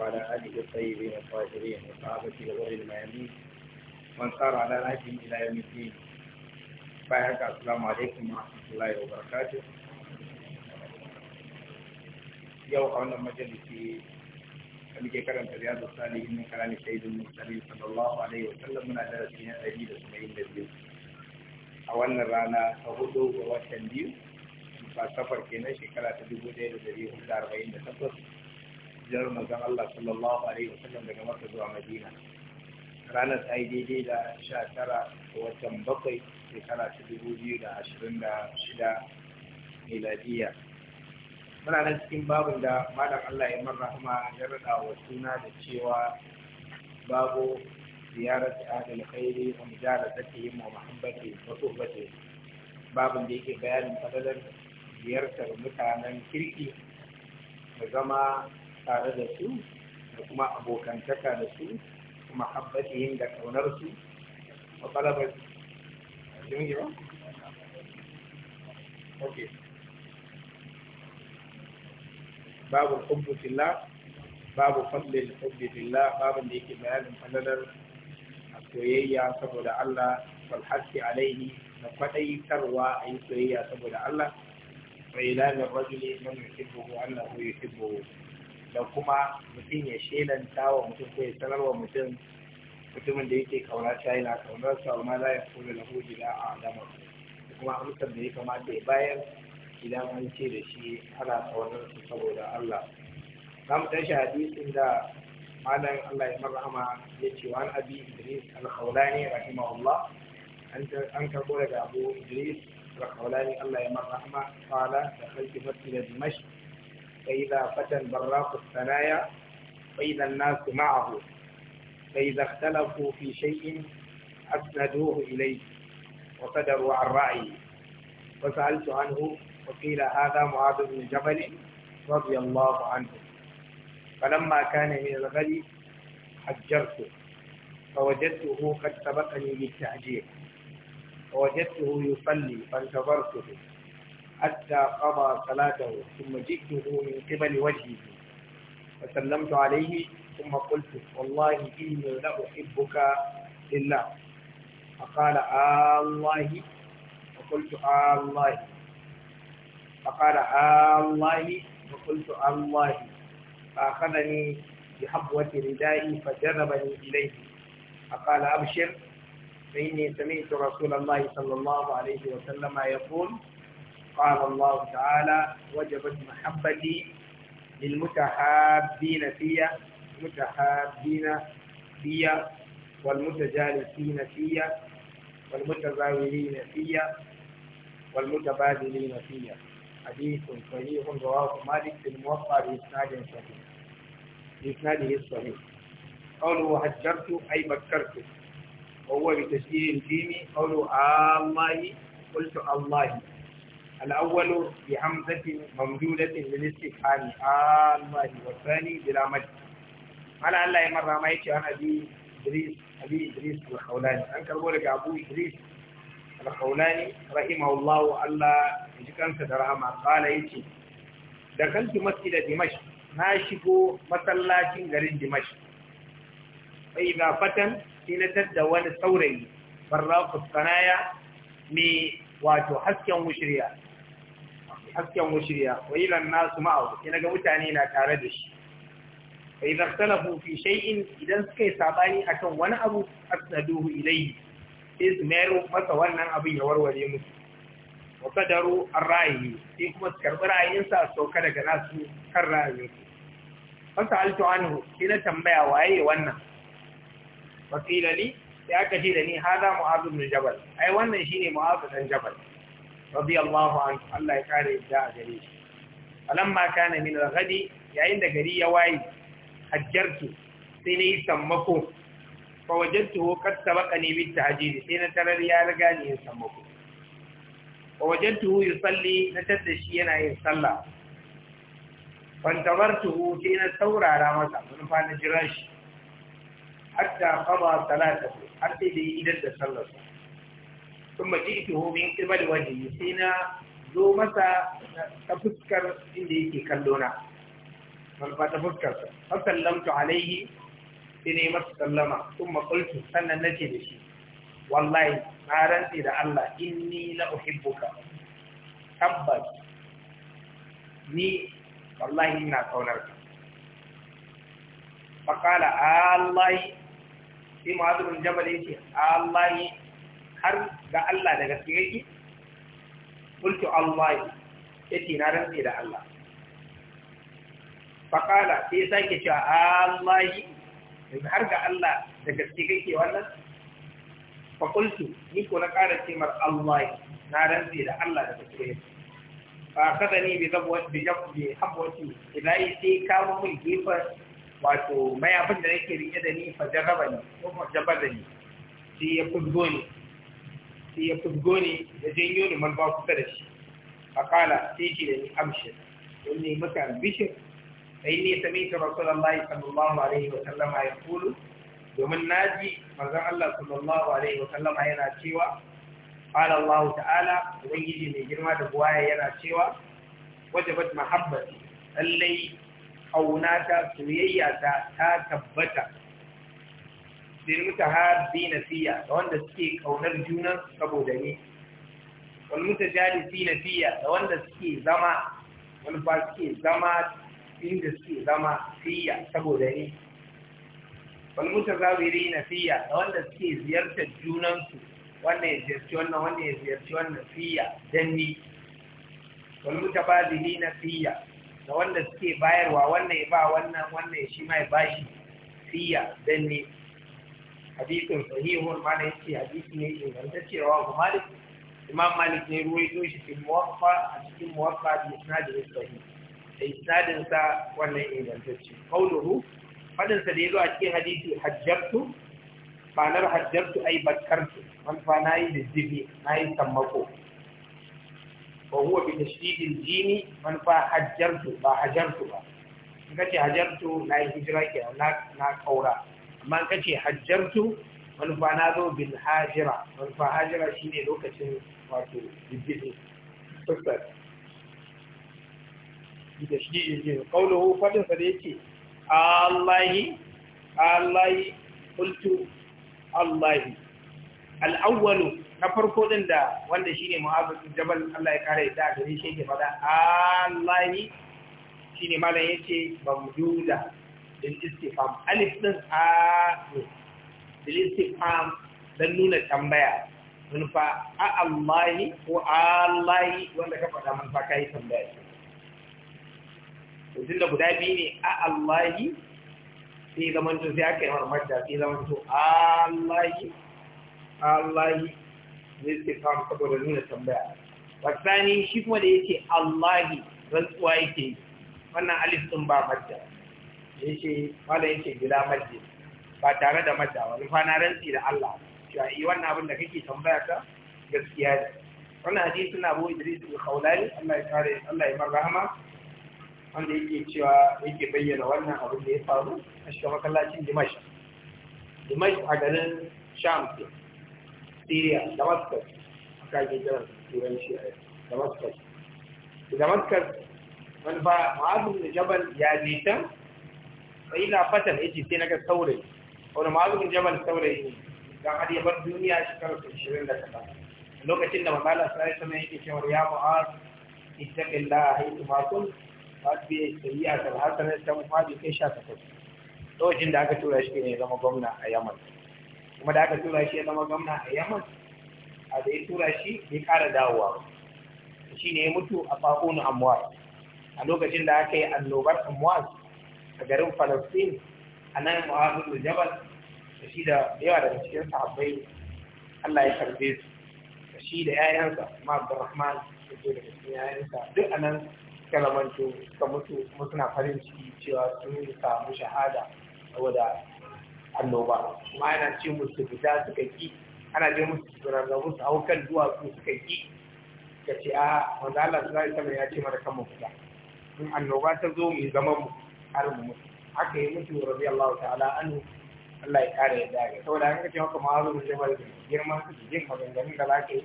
وعلى آله الطيبين الطاهرين وصحابته وغير الميامين ومن سار على نهجهم إلى يوم الدين فهك السلام عليكم ورحمة الله وبركاته yau a wannan majalisi da muke karanta riyadu salihin min kalami shaidun mursali sallallahu alaihi wa sallam muna darasi na ɗari da saba'in da biyu a wannan rana ta hudu ga watan biyu fasafar kenan shekara ta dubu ɗaya da ɗari hudu arba'in da takwas Jar manzon Allah sallallahu alaihi wasallam daga maka zuwa Madina ranar ta daidai da sha tara ga watan bakwai shekara ta dubu biyu da ashirin da shida miladiya muna nan cikin babin da malam Allah ya rahama ya rada wa suna da cewa babu ziyarar ahlul khairi wa mujalasatihim wa mahabbati wa suhbati babin da yake bayanin fadalar ziyartar mutanen kirki da zama tare da su da kuma abokantaka da su kuma habbatihim da kaunar su wa talabar jin ba okay babu hubbu fillah babu fadlil hubbi fillah babin da yake bayanin falalar soyayya saboda Allah wal haqqi alaihi da kwadaitarwa a yi soyayya saboda Allah wa ila rajuli man yuhibbu annahu yuhibbu da kuma mutum ya shelanta wa mutum ko ya sanarwa mutum mutumin da yake kauna ta na kaunar sa ma la ya da hoji da a dama kuma amsar da ya kamata ya bayar idan an ce da shi ana kaunar su saboda Allah za mu tashi hadisin da malam Allah ya marhama ya ce wani abi Idris al-Khawlani rahimahullah an karbo daga Abu Idris al-Khawlani Allah ya marhama qala da khalqi masjid Dimashq فإذا فتى البراق الثنايا فإذا الناس معه فإذا اختلفوا في شيء أسندوه إليه وصدروا عن رأيه وسألت عنه وقيل هذا معاذ بن جبل رضي الله عنه فلما كان من الغد حجرته فوجدته قد سبقني للتحجير ووجدته يصلي فانتظرته حتى قضى صلاته ثم جئته من قبل وجهه فسلمت عليه ثم قلت والله إني لأحبك لله فقال آه الله فقلت آه الله فقال آه الله فقلت آه الله فأخذني بحبوة ردائي فجربني إليه فقال أبشر فإني سمعت رسول الله صلى الله عليه وسلم يقول قال الله تعالى وجبت محبتي للمتحابين فيا المتحابين في والمتجالسين فيا والمتزاورين فيا والمتبادلين فيا حديث صحيح رواه مالك في الموقع بإسناد صحيح بإسناده الصحيح قوله هجرت أي بكرت وهو بتشديد الجيم قوله آه الله قلت الله الأول بحمزة ممدودة للاستفهام الله والثاني بلا مد على الله يمر ما يجي أنا أبي إدريس أبي إدريس الخولاني أنك أقول لك أبو إدريس الخولاني رحمه الله وألا يجكن سدرهما قال يجي دخلت مسجد دمشق ناشكو مسلاشين غرين دمشق فإذا فتن حين تدوان الثوري براق الصنايا مي wato hasken wushirya hasken mushriya wa ilan nasu ma'ahu sai ga mutane na tare da shi fa idza ikhtalafu fi shay'in idan suka yi sabani akan wani abu asnaduhu ilayhi sai su mayar masa wannan abin ya warware musu wa qadaru ar-ra'yi sai kuma su karbi ra'ayinsa sauka daga nasu kan ra'ayinsu fasaltu anhu sai na tambaya waye wannan wakilali ya kace da ni hada mu'adh ibn jabal ai wannan shine mu'azu ibn jabal radiyallahu anhu Allah ya kare da a gare shi alamma kana min al-ghadi yayin da gari ya waye hajjartu sai nayi sammako fa wajadtuhu qad sabaqani bit tahajjud sai na tarar ya riga ni yin sammako fa wajadtuhu yusalli na tadda shi yana yin sallah sai na saurara masa mun na jira shi hatta qada salatahu har sai da idan da sun maji ita homin ƙibar waje sai na zo masa ta fuskar inda yake kallo na ta fuskar sa fa sallamtu alaihi sai ne sun makultu sannan na ce da shi wallahi na rantse da Allah inni la uhibbuka tabbas ni wallahi ina ka yace allahi har ga Allah daga gaske yake qultu Allah ce na rantsi da Allah Fakala sai sake cewa Allah har ga Allah da gaske kake wannan fa ni ko na ƙara ce mar Allah na rantsi da Allah da gaske yake fa kada ni bi zabwa bi jabbi habwati idai sai kawo mun gefen wato mayafin da nake rike da ni fa jarraba ni ko fa da ni sai ya fuzgo ni sai ya fusgo ni ya janyo ni ba kusa da shi a kala sai ce da ni amshin. wani ne maka ambishir sai ne sami ta rasulallahi sallallahu alaihi wa sallama ya kulu domin na ji manzon Allah sallallahu alaihi wa sallama yana cewa قال الله تعالى ubangiji mai girma da buwaya yana cewa wajabat mahabbati lallai ta soyayya ta tabbata har lil na fiya da wanda suke kaunar junan saboda jari wal na fiya da wanda suke zama wani ba suke zama inda suke zama fiya saboda ni wal na fiya da wanda suke ziyartar junansu wannan ya ziyarci wannan wannan ya ziyarci wannan fiya dan ni wal mutabadilina fiya da wanda suke bayarwa wannan ya ba wannan wannan shi ma ya bashi fiya dan ni hadisin sahihun ma ya yake hadisi ne ingantacce wa ku Malik Imam Malik ne ruwaito shi cikin muwaffa a cikin muwaffa da isnadin sahi da isnadin sa wannan ingantacce qauluhu fadin sa da zo a cikin hadisi hajjartu banar hajjartu ai bakkartu man fa yi da na yi sammako wa huwa bi tashdidil jini man fa hajjartu ba hajjartu ba kace hajjartu yi hijira ke na na kaura amma ka ce hajjartu manufa na zo bil hajira manufa hajira shine lokacin wato jirgin sassar da shi jirgin kaunahu fadinsa da yake allahi allahi kultu allahi al'awwalu na farko din da wanda shine muhabbatu jabal Allah ya kare ta gare shi ke fada allahi shine malam yace bamduda da istifam alif din a da istifam dan nuna tambaya mun fa a Allahi ko Allahi wanda ka fada mun fa kai tambaya din da guda bi ne a Allahi sai zaman sai aka yi wannan madda sai zaman to Allahi Allahi ne sai nuna tambaya wa tsani shi kuma da yake Allahi rantsuwa yake wannan alif din ba madda yace malam ke gida majji ba tare da majja ba fana na rantsi da Allah cewa yi eh, wannan abin da kake tambaya ta gaskiya ne wannan hadisi suna Abu Idris al-Khawlani Allah ya kare Allah ya mar rahama wanda yake cewa yake bayyana wannan abin da ya faru a cikin makallacin Dimash Dimash a garin Sham Syria Damascus aka yi jiran turanci a Damascus Damascus wani ba ma'azin da jabal ya je sai na fatan yake sai naga saurayi wani mazumin jabal saurayi ne ga har ya bar duniya shekarar 20 da kaza lokacin da mamala sai sama yake cewa ya mu'az ittaqillaha haythu ma kunt wasu sayyi'a da hasanar ta mafi kai sha ta kai lokacin da aka tura shi ne zama gwamna a yaman kuma da aka tura shi ya zama gwamna a yaman a da ya tura shi bai ƙara dawowa shi ne ya mutu a faƙonu amwas a lokacin da aka yi annobar amwas a garin falastin a nan mu'azin jabal da shi da yawa daga cikin sahabbai Allah ya karbe su da shi da 'ya'yansa kuma Abdurrahman da ke daga cikin 'ya'yansa duk a nan kalamanto suka mutu kuma suna farin ciki cewa sun samu shahada saboda annoba kuma yana ce musu fita suka ki ana je musu rarrabu su hau kan duwatsu suka ki ka ce a wanda Allah su zai sama ya ce mana kan mu in annoba ta zo mu zama mu har mutu haka yi mutu Allah ta'ala anu. Allah ya kare yadda ga saboda an kace maka ma'azu bin jabal girman su jin maganganun da zaka yi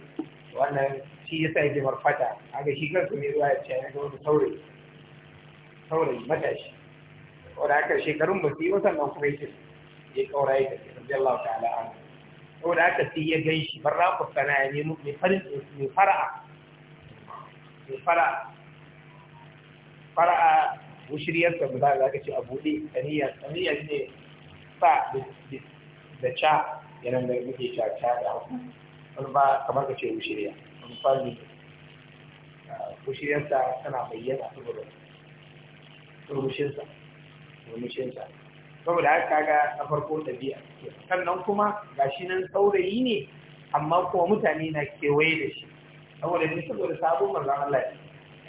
wannan shi yasa yake marfata haka shi kansa ne zuwa ya ce ya ga wani saurayi saurayi matashi saboda haka shekarun ba su yi wasannan kuma yake ya kaura ya tafi Allah ta'ala anu. saboda haka sai ya gan shi bar sana ya nemo mai farin mai fara'a mai fara'a fara'a mushiriyarsa guda za ka ce a buɗe aniyya aniyya ne sa da ca yanan da muke ca ca da hausa wani ba kamar ka ce shirya. wani fari mushiriyarsa tana bayyana saboda turmushinsa turmushinsa saboda haka kaga na farko biya. sannan kuma gashi nan saurayi ne amma kuma mutane na kewaye da shi saboda ne saboda sabon manzon Allah ne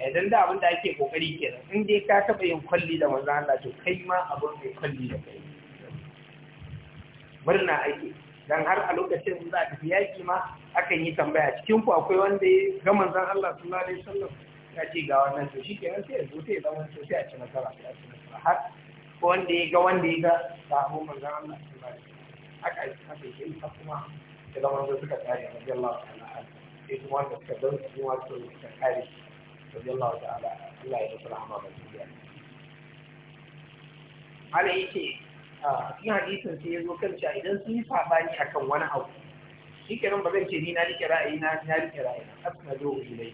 idan eh, da abin da ake kokari kenan in dai ka taba yin kwalli da manzo Allah to kai ma abin mai kwalli da kai murna ake dan har a lokacin za a tafi yaki ma akan yi tambaya cikin ku akwai wanda ya ga manzon Allah sallallahu alaihi wasallam ya ce ga wannan to nan sai ya zo sai ya zama to sai a ci nasara sai a ci nasara har ko wanda ya ga wanda ya ga sahabo manzon Allah sallallahu alaihi wasallam haka haka yake ta kuma da zama suka tsare radiyallahu ta'ala sai kuma wanda suka su kuma suka kare radiyallahu ta'ala Allah ya rufe rahama ba su biya ala yake a cikin ya zo kan cewa idan sun yi sabani akan wani abu shi kenan ba zai ce ni na rike ra'ayi na na rike ra'ayi na asna do ilai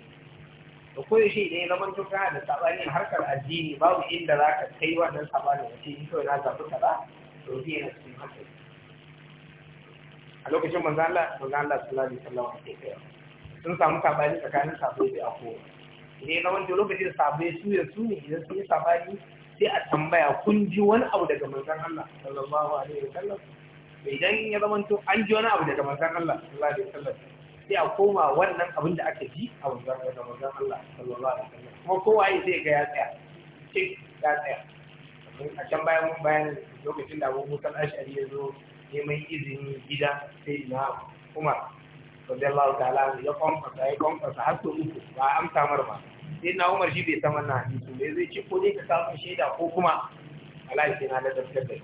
da koyaushe idan ya zama to kana da sabani harkar addini babu inda za ka kai wannan sabani na a lokacin manzo Allah manzo Allah sallallahu alaihi wasallam sun samu sabani tsakanin sahabbai a kowa da ya lokacin da sabai su ya su ne idan sun yi sabani sai a tambaya kun ji wani abu daga manzon Allah sallallahu alaihi wasallam idan ya zama to an ji wani abu daga manzon Allah sallallahu alaihi wasallam sai a koma wannan abin da aka ji a manzon daga manzon Allah sallallahu alaihi wasallam kuma kowa ya sai ga ya tsaya sai ya tsaya a can bayan mun bayan lokacin da Abu Musa al-Ash'ari ya zo neman izini gida sai ina Umar radiyallahu ta'ala ya kwamfasa ya kwamfasa har sau uku ba a amsa mar ba sai na umar shi bai san wannan hadisi zai ci ko dai ka samu shaida ko kuma wallahi sai na ladabtar da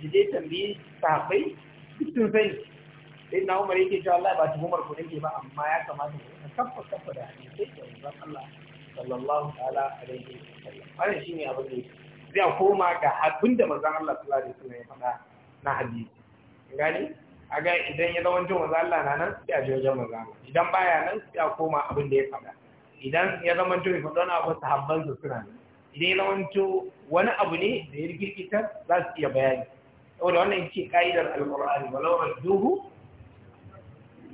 shi dai tambayi duk sun sani sai na umar yake cewa Allah ba ta umar ku ba amma ya kamata ku kafa kafa da hadisi da manzon Allah sallallahu ta'ala alaihi wannan shine abin da yake zai koma ga abin da manzon Allah sallallahu alaihi ya faɗa na hadisi gani aga idan ya zama jin Allah na nan sai a je wajen manzo Allah idan baya nan sai a koma abin da ya faɗa idan ya zama jin ya faɗa na abu sahabban su suna nan idan ya zama wani abu ne da ya rikirkitar za su iya bayani saboda wannan ce ka'idar alqur'ani walau radduhu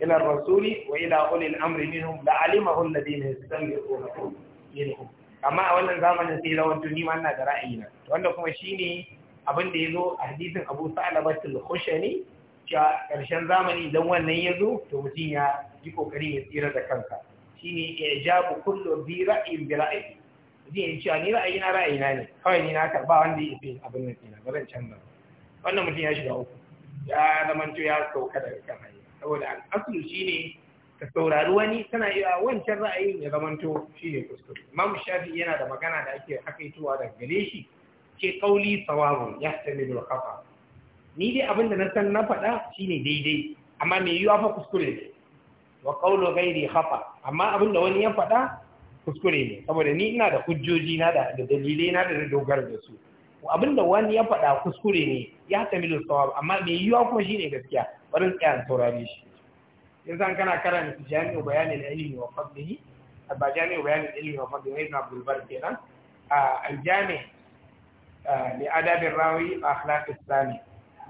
ila rasuli wa ila ulil amri minhum la alimahu alladhina yastanbiqunahu minhum amma a wannan zamanin sai zama ni ma ina da ra'ayi na wanda kuma shine abin da ya zo a hadisin Abu Sa'labatul Khushani cewa ƙarshen zamani don wannan ya zo to mutum ya yi ƙoƙari ya tsira da kanka. shi ne ya jabu kullu bi ra'ayin bi ra'ayi zai yi cewa ni ra'ayi na ra'ayi na ne kawai ni na karɓa wanda ya fi abin nan ina ba zan canza wannan mutum ya shiga uku ya zamanto ya sauka daga kan hanya saboda al'asulu shi ne ka saurari wani tana iya wancan ra'ayin ya zamanto shi ne kuskure imam shafi yana da magana da ake haka hakaituwa daga gare shi ke kauli sawabun ya tamilu kafa ni dai abin da na san na faɗa shine daidai amma mai yiwuwa fa kuskure ne wa qawlu ghairi khata amma abin da wani ya faɗa kuskure ne saboda ni ina da hujjoji na da dalilai na da dogara da su abin da wani ya faɗa kuskure ne ya tamilu sawab amma mai yiwuwa kuma shine gaskiya barin tsaya saurari shi yanzu kana karanta jami'u bayanin ilimi wa fadlihi ba jami'u bayanin ilimi wa fadlihi ibn abdul bar kenan al jami' li adabir rawi akhlaq as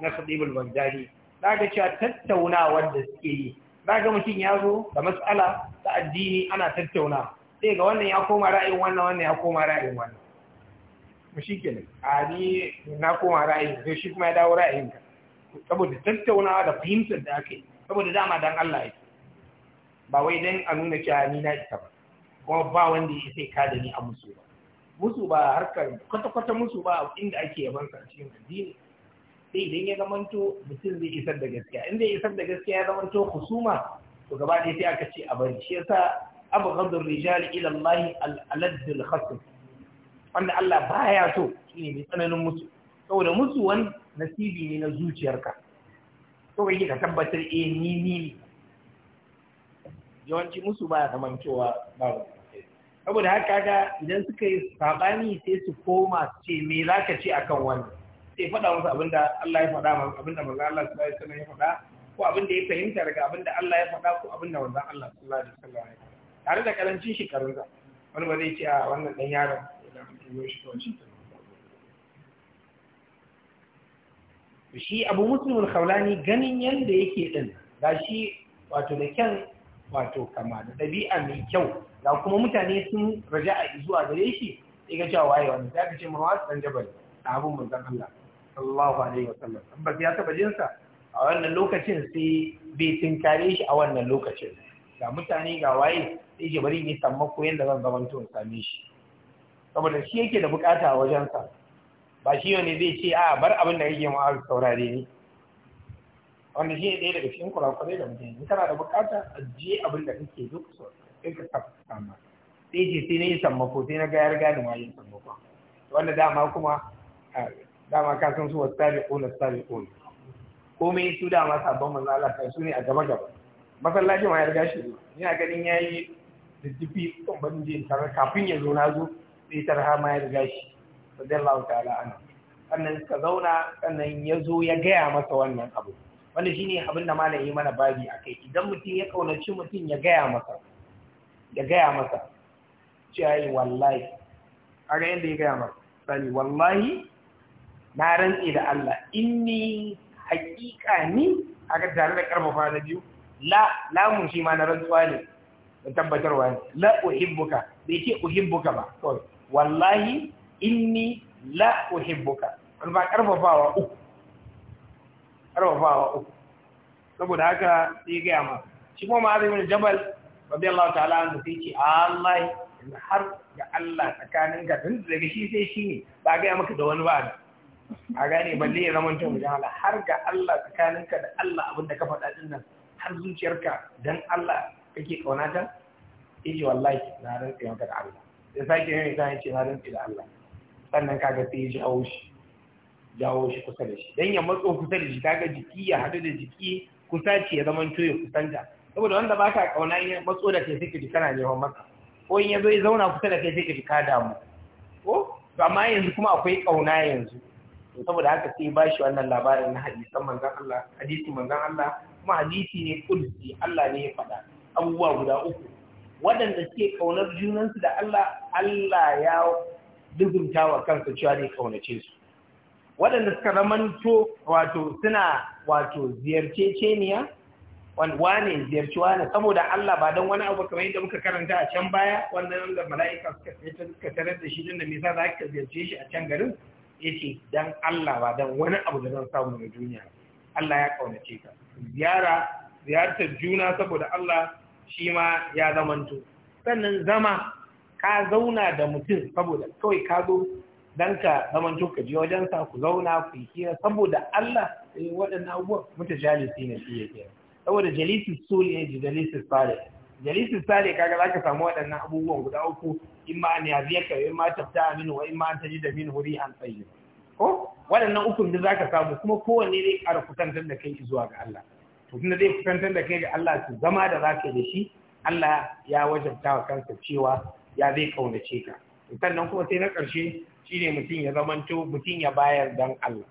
na Khatibul Baghdadi daga cewa tattauna da suke yi daga mutum ya zo da mas'ala ta addini ana tattauna sai ga wannan ya koma ra'ayin wannan wannan ya koma ra'ayin wannan mu shikenan a ni na koma ra'ayin sai shi kuma ya dawo ra'ayin ka saboda tattaunawa da fahimtar da aka yi saboda dama dan Allah yake ba wai dan a nuna cewa ni na isa ba kuma ba wanda ya sai ka da ni a musu ba musu ba harkar kwata-kwata musu ba inda ake yaban sa cikin addini sai idan ya zamanto mutum zai isar da gaskiya in zai isar da gaskiya ya zamanto husuma to gaba ɗaya sai aka ce a bari shi yasa abu gadon rijal ila Allah al-aladdul wanda Allah baya so shine mai tsananin musu saboda musu wani nasibi ne na zuciyarka to ke ka tabbatar eh ni ni yawanci musu baya zamantowa ba saboda haka ga idan suka yi sabani sai su koma su ce me za ka ce akan wannan sai faɗa masa abinda Allah ya faɗa masa abinda manzon Allah sallallahu alaihi wasallam ya faɗa ko abinda ya fahimta daga abinda Allah ya faɗa ko abinda manzon Allah sallallahu alaihi wasallam ya faɗa tare da karancin shekarunsa wani ba zai ce a wannan dan yaron idan mutum ya shi kawai shi shi abu musulmin haulani ganin yadda yake ɗin ga shi wato da kyan wato kama da ɗabi'a mai kyau ga kuma mutane sun raja a zuwa gare shi sai ga cewa waye wani sai ka ce mawa su ɗan jabal a abin manzan Allah sallallahu alaihi wasallam tabbas ya taba jin sa a wannan lokacin sai bai tinkare shi a wannan lokacin ga mutane ga waye sai ke bari yi sammako yadda zan zama to same shi saboda shi yake da bukata a wajen sa ba shi ne zai ce a bar abin da yake ma'a saurare ni wanda shi ne ɗaya daga cikin kurakurai da mutane in kana da bukata a je abin da kake duk so sai ka samu sai ce sai na yi sammako sai na gayar gane ma yin sammako wanda dama kuma dama ka san su wasabiqun ko komai su dama sabon manzo Allah kai su ne a gaba gaba masallaci ma ya riga shi ina ganin yayi diddifi kan ban je tarar kafin ya zo na zo sai tarha ma ya riga shi radiyallahu ta'ala anhu sannan ka zauna sannan ya zo ya gaya masa wannan abu wanda shine abin da malam yi mana babi akai idan mutum ya kaunaci mutum ya gaya masa ya gaya masa cewa wallahi kaga yadda ya gaya masa sani wallahi na rantse da Allah inni hakika ni aka tare da karfafa na biyu la lamun shi ma na rantsuwa ne da tabbatarwa ne la uhibbuka bai ce uhibbuka ba kawai wallahi inni la uhibbuka wani ba karfafawa uku karfafawa uku saboda haka sai gaya ma shi kuma ma'azimin jabal rabbi Allah ta'ala an sai ce Allah har ga Allah tsakaninka tun daga shi sai shi ne ba gaya maka da wani ba a gane balle ya zama ta hala har ga Allah tsakaninka da Allah abin da ka faɗa din nan har zuciyarka dan Allah kake ƙaunata? yace wallahi na rantsi maka da Allah ya sake yin ta ce na rantsi da Allah sannan kaga sai ya jawo shi jawo shi kusa da shi dan ya matso kusa da shi kaga jiki ya hadu da jiki kusa ce ya zama to ya kusanta saboda wanda baka kauna in ya matso da kai sai ka ji kana neman maka ko in ya zo ya zauna kusa da kai sai ka ji ka damu ko amma yanzu kuma akwai kauna yanzu saboda haka sai ba shi wannan labarin na hadisan manzan Allah hadisi manzan Allah kuma hadisi ne kulsi Allah ne ya faɗa abubuwa guda uku waɗanda suke kaunar junansu da Allah Allah ya dubunta wa kansa cewa zai kaunace su waɗanda suka zamanto wato suna wato ziyarce ceniya wane ziyarci wane saboda Allah ba don wani abu kamar yadda muka karanta a can baya wannan da mala'ika suka tarar da shi din da me yasa za ka ziyarce shi a can garin yace dan Allah ba dan wani abu da zan samu na duniya Allah ya kaunace ka ziyara ziyartar juna saboda Allah shi ma ya zamanto sannan zama ka zauna da mutum saboda kawai ka zo dan ka zamanto ka je wajensa ku zauna ku yi kira saboda Allah eh waɗannan abubuwa mutu jalisi ne shi yake saboda jalisi suli ne jalisi sale jalisi sale kaga zaka samu waɗannan abubuwan guda uku imma an yadiyaka wa imma tabta'a aminu wa imma an tajida minhu an tsaye. ko waɗannan ukun da zaka samu kuma kowanne ne a kusantar da kai zuwa ga Allah to tunda zai kusantar da kai ga Allah su zama da zaka da shi Allah ya wajabta wa kansa cewa ya zai kaunace ka sannan kuma sai na ƙarshe shine mutum ya zamanto mutum ya bayar dan Allah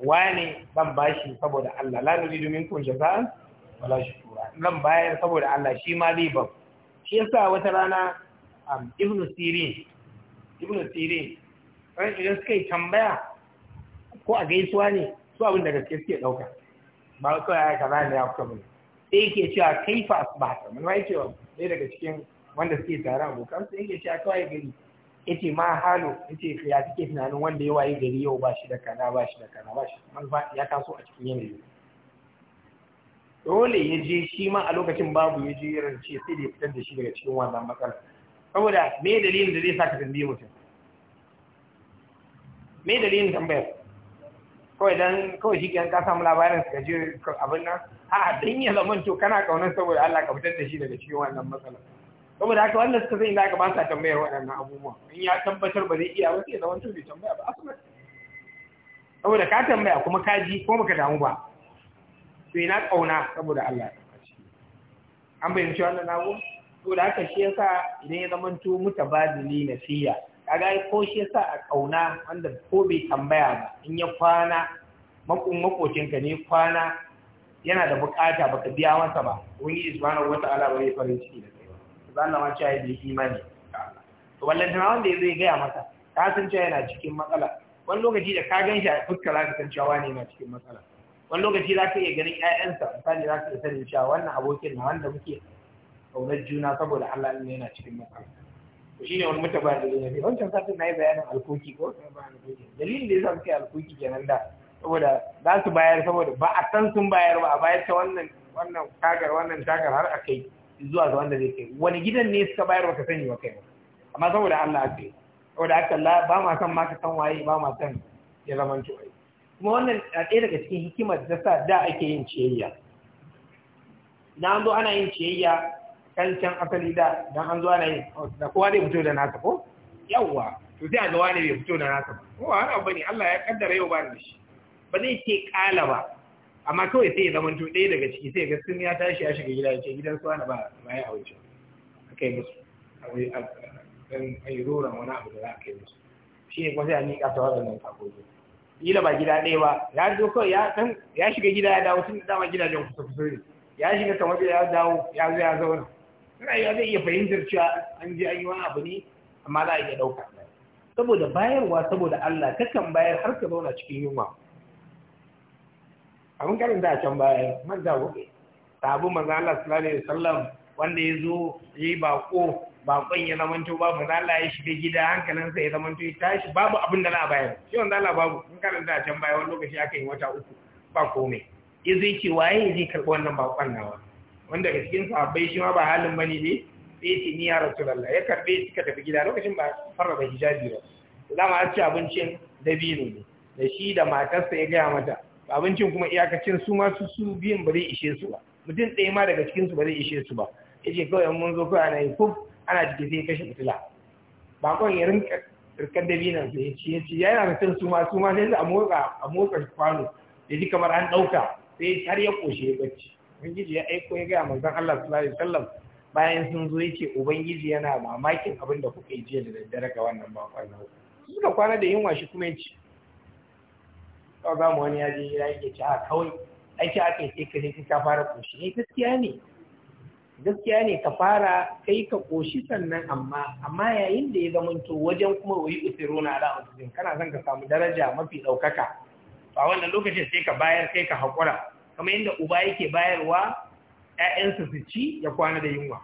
Wani ban bashi saboda Allah la nuridu minkum jaza'an wala shukura zan bayar saboda Allah shi ma zai ba shi yasa wata rana ibnu sirin ibnu sirin ran idan suka yi tambaya ko a gaisuwa ne su abin da gaske suke ɗauka ba ko ya kaza ne ya kuka bane sai yake cewa kaifa asbahta mun wai cewa Sai daga cikin wanda suke tare abokan sai yake cewa kawai gari yace ma halu yace ya take tunanin wanda ya waye gari yau ba shi da kana ba shi da kana ba shi man ya taso a cikin yanayi dole ya je shi ma a lokacin babu ya je ya sai da ya fitar da shi daga cikin wannan matsalar saboda me dalilin da zai sa ka tambaye mutum me dalilin tambayar kawai don kawai shi kasa mu labarin ka je abin nan a haɗin ya zaman to kana kaunar saboda Allah ka fitar da shi daga cikin wannan matsala saboda haka wanda suka zai zaka ka ba sa tambayar waɗannan abubuwa in ya tabbatar ba zai iya ba sai wancan to bai tambaya ba asali saboda ka tambaya kuma ka ji ko baka damu ba to ina kauna saboda Allah an bayyana cewa wannan abubuwa to da haka shi yasa idan ya zamanto mutabadili nasiya kaga ko shi yasa a kauna wanda ko bai tambaya ba in ya kwana makon makocinka ne kwana yana da bukata baka biya masa ba wani subhanahu wata'ala ba zai farin ciki da kai ba subhanahu ya ma cewa imani to wallan na wanda zai gaya masa ka san cewa yana cikin matsala wani lokaci da ka gan shi a fuska za ka san cewa ne yana cikin matsala wani lokaci za ka iya ganin 'ya'yansa misali za ka iya sanin cewa wannan abokin na wanda muke kaunar juna saboda Allah ne yana cikin ko shi ne wani ba da yafi. wancan satin yi bayanin alkoki ko dalilin da ya yasa muke alkoki kenan da saboda za su bayar saboda ba a san sun bayar ba a bayar ta wannan wannan tagar wannan tagar har a kai zuwa ga wanda zai kai wani gidan ne suka bayar ta sani ba kai ba amma saboda Allah ake yi saboda haka ba ma san ma ka san waye ba ma san ya zama ai kuma wannan a ɗaya daga cikin hikimar da sa da ake yin ciyayya na an zo ana yin ciyayya kancan asali da dan an zuwa na da kowa zai fito da nasa ko yawa. to sai a ga wani bai fito da nasa ba ko wani abu Allah ya kaddara yau ba da shi ba zai ce kala ba amma kawai sai ya zamanto ɗaya daga ciki sai ga sun ya tashi ya shiga gida ya ce gidan suwa na ba ba ya auce akai musu akwai dan ayi roran wani abu da za a kai musu shi ne kuma sai a miƙa ta waɗannan kakoki ila ba gida ɗaya ba ya zo kawai ya dan ya shiga gida ya dawo tun da dama gidajen kusa kusa ne ya shiga kamar gida ya dawo ya zo ya zauna rayuwa zai iya fahimtar cewa an ji an yi wani abu ne amma za a iya ɗauka saboda bayarwa saboda Allah kakan bayar har ka zauna cikin yunwa abin karin da a can baya man da wuƙe sabu manzo Allah sallallahu alaihi wasallam wanda ya zo ya yi baƙo baƙon ya to babu manzo Allah ya shiga gida sa ya to ya tashi babu abin da za a bayar shi wanda Allah babu in karin da a can baya wani lokaci aka yi wata uku ba komai ya zai ce waye zai karɓi wannan baƙon nawa wanda daga cikin sahabbai shi ma ba halin bane ne sai ce ni ya rasulullah ya karbe shi ka tafi gida lokacin ba fara da hijabi ba Za a ci abincin dabino ne da shi da matarsa ya gaya mata abincin kuma iyakacin su ma su su biyan ba zai ishe su ba mutum ɗaya ma daga cikin su ba zai ishe su ba ya ce kawai mun zo kawai ana yi kuf ana jike sai kashe fitila bakon ya rinka rikar dabinan su ya ci ya ci yana mutum su ma su ma sai a motsa a motsa kwano ya ji kamar an ɗauka sai har ya ƙoshe ya bacci ubangiji ya aiko ya gaya manzon Allah sallallahu alaihi wasallam bayan sun zo yake ubangiji yana mamakin abin da kuka yi jiya da daddare ga wannan na Su suka kwana da yin washi kuma yace kawai ga mu wani ya je ya yake ci a kawai aiki aka yi sai ka ka fara koshi ne eh, gaskiya ne gaskiya ne ka fara kai ka koshi sannan amma amma yayin da ya zamanto wajen kuma wuyi usiro na ala usiro kana son ka samu daraja mafi ɗaukaka a wannan lokacin sai ka bayar kai ka haƙura kamar yadda uba yake bayarwa ‘ya'yansa su ci ya kwana da yunwa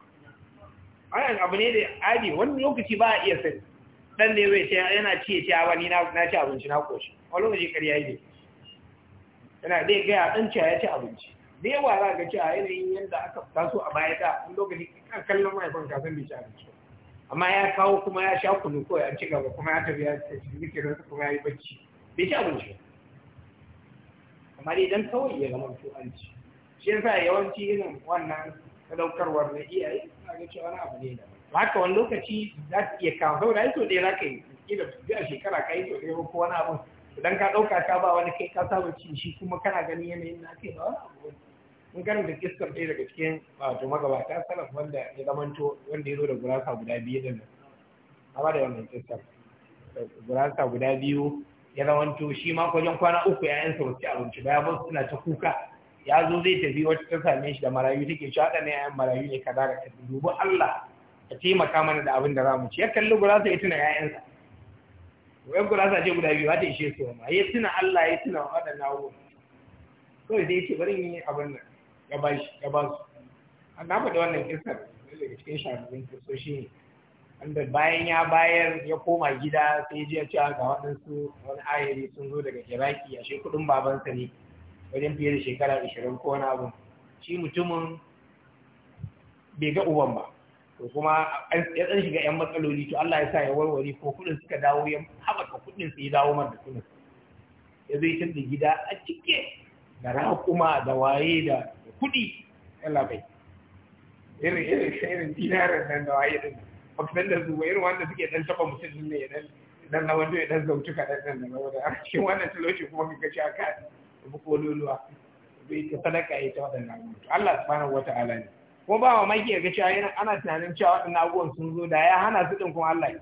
ayan abu ne da adi wani lokaci ba a iya sani ɗan da yawai ce yana ci ya ce a wani na ci abinci na koshi, wani lokaci yi ne yana dai gaya ɗan ci ya ci abinci da yawa za ga ci a yanayin yadda aka taso a baya da wani lokaci kan kallon mahaifin kasan bai ci abinci amma ya kawo kuma ya sha kunu kawai an ci gaba kuma ya tafi ya tafi zikirinsa kuma ya yi bacci bai ci abinci ba amma dai kawai ya zama tu'anci shi yasa yawanci irin wannan sadaukarwar na iyaye suna ga cewa wani abu ne da haka wani lokaci za su iya kawo saboda ya so ɗaya za ka yi kila a shekara ka yi so ɗaya ko wani abu idan ka ɗauka ka ba wani kai ka saba ci shi kuma kana ganin yanayin na kai ba wani abu mun da kiskar ɗaya daga cikin wato magabata salaf wanda ya zamanto wanda ya zo da gurasa guda biyu din nan a ba da wannan kiskar gurasa guda biyu ya shi ma kwajen kwana uku yayansa wasu abinci ba ya bar suna ta kuka ya zo zai tafi wata ta same shi da marayu take cewa ɗan yayan marayu ne kaza da kaza dubu Allah ka taimaka mana da abin da za mu ci ya kalli gurasa ya tuna yayansa wai gurasa ce guda biyu ta ishe su ma ya tuna Allah ya tuna waɗannan abubuwa kawai zai ce bari yi abin nan ya ba su an na faɗi wannan kisa daga cikin shahararrun kristoshi ne wanda bayan ya bayar ya koma gida sai ji ya ce ah, ga waɗansu wani ayari sun zo daga iraki a kuɗin babansa ne wajen fiye da shekara ashirin ko wani abu shi mutumin bai ga uban ba to kuma ya tsan shiga yan matsaloli to Allah ya sa ya warware ko kuɗin suka dawo ya haɓaka kuɗin su ya dawo mar da kuɗin ya zai tun da gida a cike da raƙuma da waye da kuɗi Allah bai irin irin irin dinarar nan da waye din baksan da zuwa irin wanda suke dan taba mutum din ne dan dan na wanda ya dan zauci ɗan dan na wanda a cikin wannan talauci kuma ka kace aka bi kololuwa bai ta sadaka ya ta waɗannan abubuwan Allah subhanahu wata'ala ne kuma ba maki ya ga cewa yana ana tunanin cewa waɗannan abubuwan sun zo da ya hana su din kuma Allah ya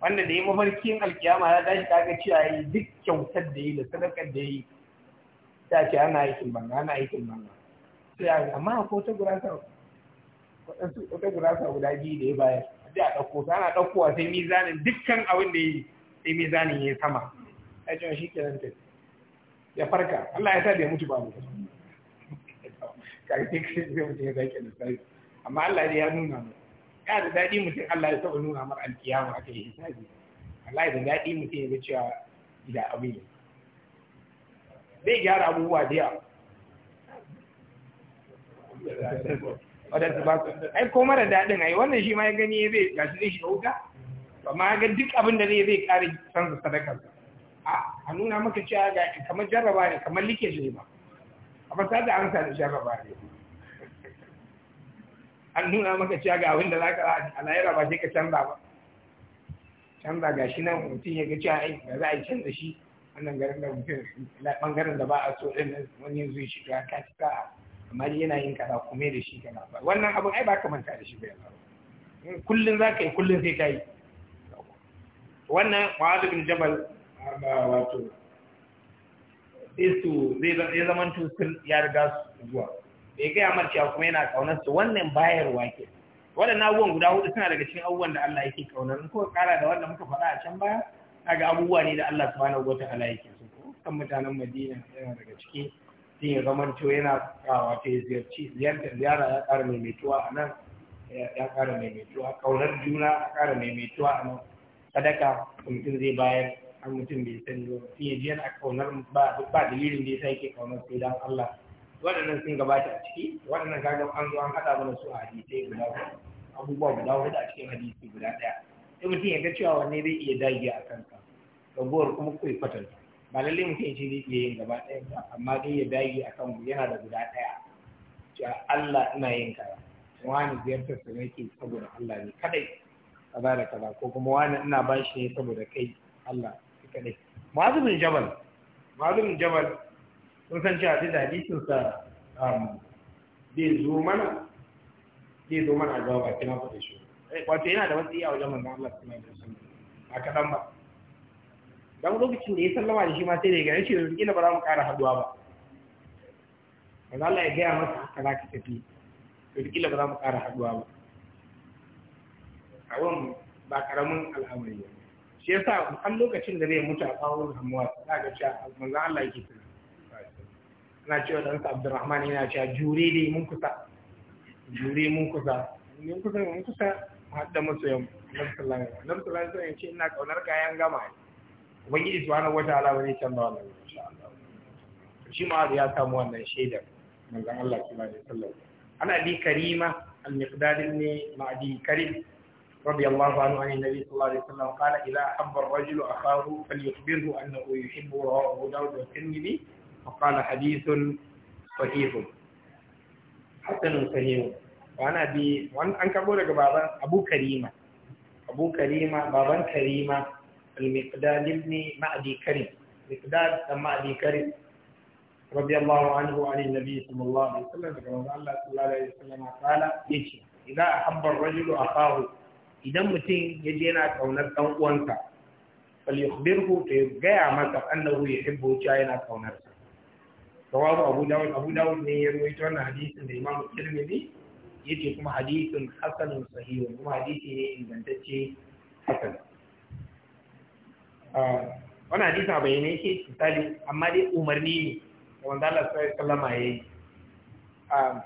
wanda da ya mafarkin alkiyama ya tashi kaga cewa yi duk kyautar da yi da sadakar da yi ta ce ana aikin banga ana aikin banga sai amma ko ta gurasa wata gurasa guda biyu da ya bayar sai a ɗauko ta ana ɗaukowa sai mizanin dukkan abin da ya yi sai mizanin ya yi sama a cewa shi kenan ta ya farka Allah ya sa da ya mutu ba mu kai sai sai mutum ya zaki lissafi amma Allah ya nuna mu ya da daɗi mutum Allah ya saba nuna mar alkiyama aka yi hisabi Allah ya da daɗi mutum ya ga cewa da abin yi zai gyara abubuwa da yawa waɗansu ba ku ai ko mara daɗin ai wannan shi ma ya gani ya zai gashi zai shiga wuta amma ga duk abin da zai zai ƙara san sadakar a nuna maka cewa ga kamar jarraba ne kamar like shi ba amma sai da an sani jarraba ne an nuna maka cewa ga abin da za ka a layara ba sai ka canza ba canza ga shi nan mutum ya ga cewa ai da za a yi canza shi wannan garin da mutum bangaren da ba a so ɗin wani yanzu ya shiga ka sa'a amma yana yin kaza kuma da shi kana ba wannan abin ai ba ka manta da shi ba kullun za ka yi kullun sai ka yi wannan ma'adu bin jabal wato Isu zai zama sun ya riga su zuwa bai ga amma cewa kuma yana kaunar su wannan bayarwa ke waɗannan abubuwan guda hudu suna daga cikin abubuwan da Allah yake kaunar in kuka kara da wanda muka faɗa a can baya kaga abubuwa ne da Allah subhanahu wataala yake so kan mutanen Madina yana daga ciki sun ya zamanto yana wato ya ziyarci ziyarta ziyara ya kara maimaituwa a nan ya kara maimaituwa kaunar juna ya kara maimaituwa a nan sadaka mutum zai bayar an mutum bai sani ba sun ya ji yana ƙaunar ba dalilin da ya sa yake ƙaunar sai don Allah waɗannan sun gabata a ciki waɗannan kaga an zo an haɗa mana su a hadisai guda abubuwa guda huɗu a cikin hadisi guda ɗaya sai mutum ya ga cewa wanne zai iya dage a kanka kansa buwar kuma kai kwatanta ba lalle mutum ce zai iya yin gaba ɗaya ba amma zai ya dage kan yana da guda ɗaya cewa Allah ina yin kaza wani ziyartar sa nake saboda Allah ne kadai kaza da kaza ko kuma wani ina ba shi ne saboda kai Allah ne kadai Mu'adh Jabal Mu'adh Jabal sun san cewa da hadisin sa um, zai zo mana zai zo mana a gaba ba kina da shi eh, wato yana da wasu iya wajen manzon Allah yi da wasallam a kaɗan ba dan lokacin da ya sallama da shi ma sai da ya gane shi da rikina ba za mu ƙara haduwa ba manzo za ya gaya masa haka za ka tafi da rikina ba za mu ƙara haduwa ba a wani ba karamin al'amari ba shi sa an lokacin da zai mutu a tsawon hamuwa za ga cewa maza Allah yake tuna ana cewa dan sa Abdurrahman yana cewa jure dai mun kusa jure mun kusa mun kusa mun kusa haɗa masoyan Annabi sallallahu alaihi sallallahu alaihi wasallam ya ce ina kaunar kayan gama ne ubangiji subhanahu wataala ba zai canza wannan ruwan insha ya samu wannan shaidar manzon ana bi karima al-miqdad ibn ma'di karim radiyallahu anhu an nabi sallallahu alaihi wasallam qala ila habba ar-rajulu akhahu falyukhbirhu annahu yuhibbu rawahu dawud wa tirmidhi fa qala hadithun sahih hasan sahih an karbo daga baban baban karima المقداد بن معدي كريم مقداد بن معدي كريم رضي الله عنه عن النبي صلى الله عليه وسلم رضي الله صلى الله عليه وسلم قال يجي إذا أحب الرجل أخاه إذا متين يجينا كونر أو أنت فليخبره تجاه ما أنه يحبه جاينا كونر رواه أبو داود أبو داود نيروي عن حديث الإمام الترمذي يجي كما حديث حسن صحيح كما حديث إن بنتشي حسن Eh, wani hadisi a ne yake misali amma dai umarni ne da wanda Allah kallama ya yi a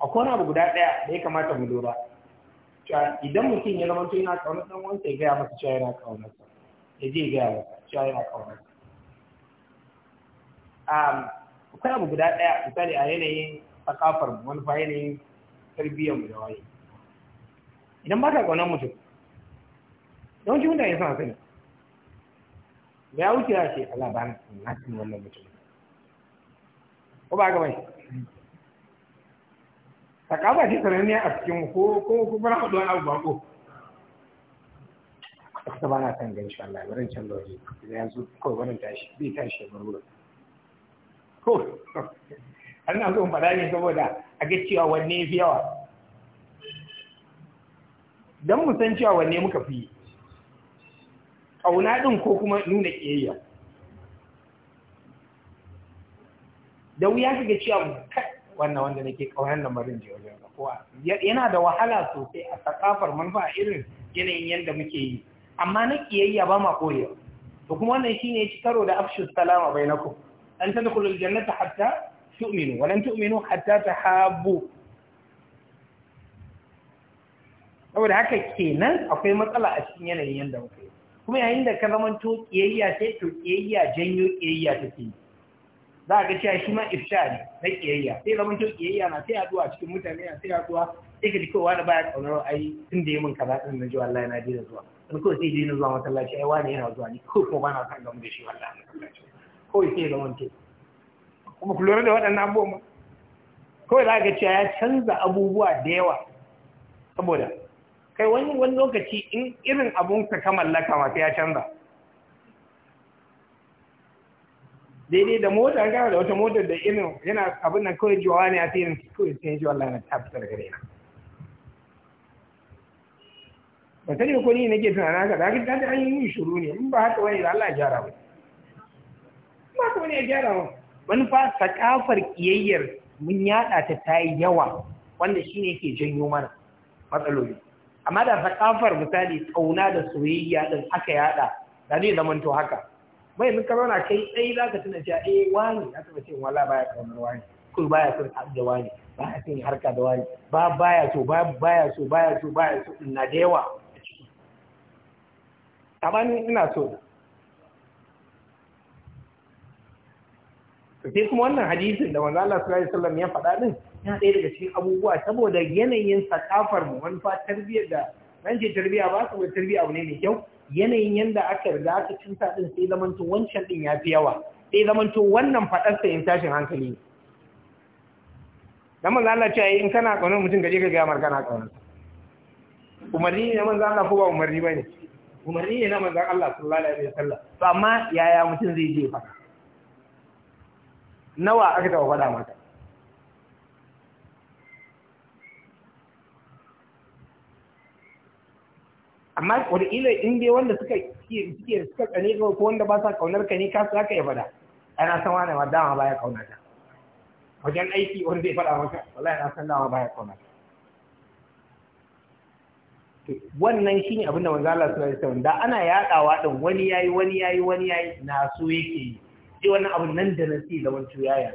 ah, kona abu guda ɗaya da ya kamata mu lura cewa idan mutum ya zama yana kaunar dan wanda ya gaya masa cewa yana kaunar sa ya je gaya masa cewa yana kaunar sa ah, akwai abu guda ɗaya misali a yanayin sakafar wani fa yanayin tarbiyyar mu da waye idan ba ka kaunar mutum yawanci mutane suna sani ya wuce ya ce Allah ba na cin wannan mutum ko ba ga mai takaba ce sananniya a cikin ko ko ko bana hudu wani abu bako ta ba na san gan insha Allah barin can lokaci da ya zo kawai barin tashi bai tashi ya ko an na zo faɗa ne saboda a ga cewa wanne fi yawa dan mu san cewa wanne muka fi ƙauna ɗin ko kuma nuna ƙiyayya da wuya su ga cewa wannan wanda nake ƙaunar nan marin je da kowa yana da wahala sosai a sakafar manufa a irin yanayin yadda muke yi amma na ƙiyayya ba ma koyo to kuma wannan shine ci karo da afshin salama bai na ku an tadkhulul jannata hatta tu'minu wa lan tu'minu hatta habu saboda haka kenan akwai matsala a cikin yanayin yadda muke kuma yayin da ka zamanto kiyayya sai to kiyayya janyo kiyayya ta ce za a ga cewa shi ma ifshari na kiyayya sai zaman to kiyayya na sai haduwa cikin mutane na sai haduwa sai ka ji kowa da baya kaunar ai tun da yi min kaza din na ji wallahi na dina zuwa in ko sai dina zuwa masallaci ai wani yana zuwa ni ko ko bana san gamu da shi wallahi masallaci ko sai zaman to kuma ku lura da waɗannan abubuwan kawai za a ga cewa ya canza abubuwa da yawa saboda kai wani wani lokaci in irin abun ka ka mallaka ma ya canza daidai da mota kana da wata motar da irin yana abin nan kawai jiwa ne a sai irin kawai sai ji wallahi na tabbatar gare na ba sani ko ni nake tunanin haka da haka ta an yi shiru ne in ba haka wani da Allah ya gyara ba ba ka wani ya gyara ba wani fa sakafar kiyayyar mun yada ta ta yi yawa wanda shi ne ke janyo mana matsaloli amma da sakafar misali kauna da soyayya din aka yada da zai zaman to haka bai mun karona kai tsaye zaka tuna cewa eh wani ya taba cewa wallahi baya kaunar wani kul baya son da wani ba baya son harka da wani ba baya so ba baya so baya so baya so na da yawa amma ni ina so sai kuma wannan hadisin da manzo Allah sallallahu alaihi wasallam ya faɗa din yana ɗaya daga cikin abubuwa saboda yanayin sakafar mu wani fa tarbiyyar da ran ce tarbiyya ba su wani tarbiyya abu ne mai kyau yanayin yanda aka riga aka cinta din sai zamanto wancan din ya fi yawa sai zamanto wannan sa yin tashin hankali ne dan manzo Allah ce in kana kaunar mutum gaje ka ga mar kana kaunar umarni ne manzo Allah ko ba umarni bane umarni ne na manzo Allah sallallahu alaihi wasallam to amma yaya mutum zai je fa nawa aka taɓa faɗa maka amma wani in dai wanda suka suke suka tsane ko wanda ba sa kaunar ka ne ka za ka yi faɗa ana san wani ma dama baya kauna ta wajen aiki wanda zai faɗa maka wallahi ana san dama baya kauna ta wannan shine abin da manzo Allah sallallahu alaihi wasallam da ana yadawa din wani yayi wani yayi wani yayi na so yake yi wannan abin nan da nasi da wancu yaya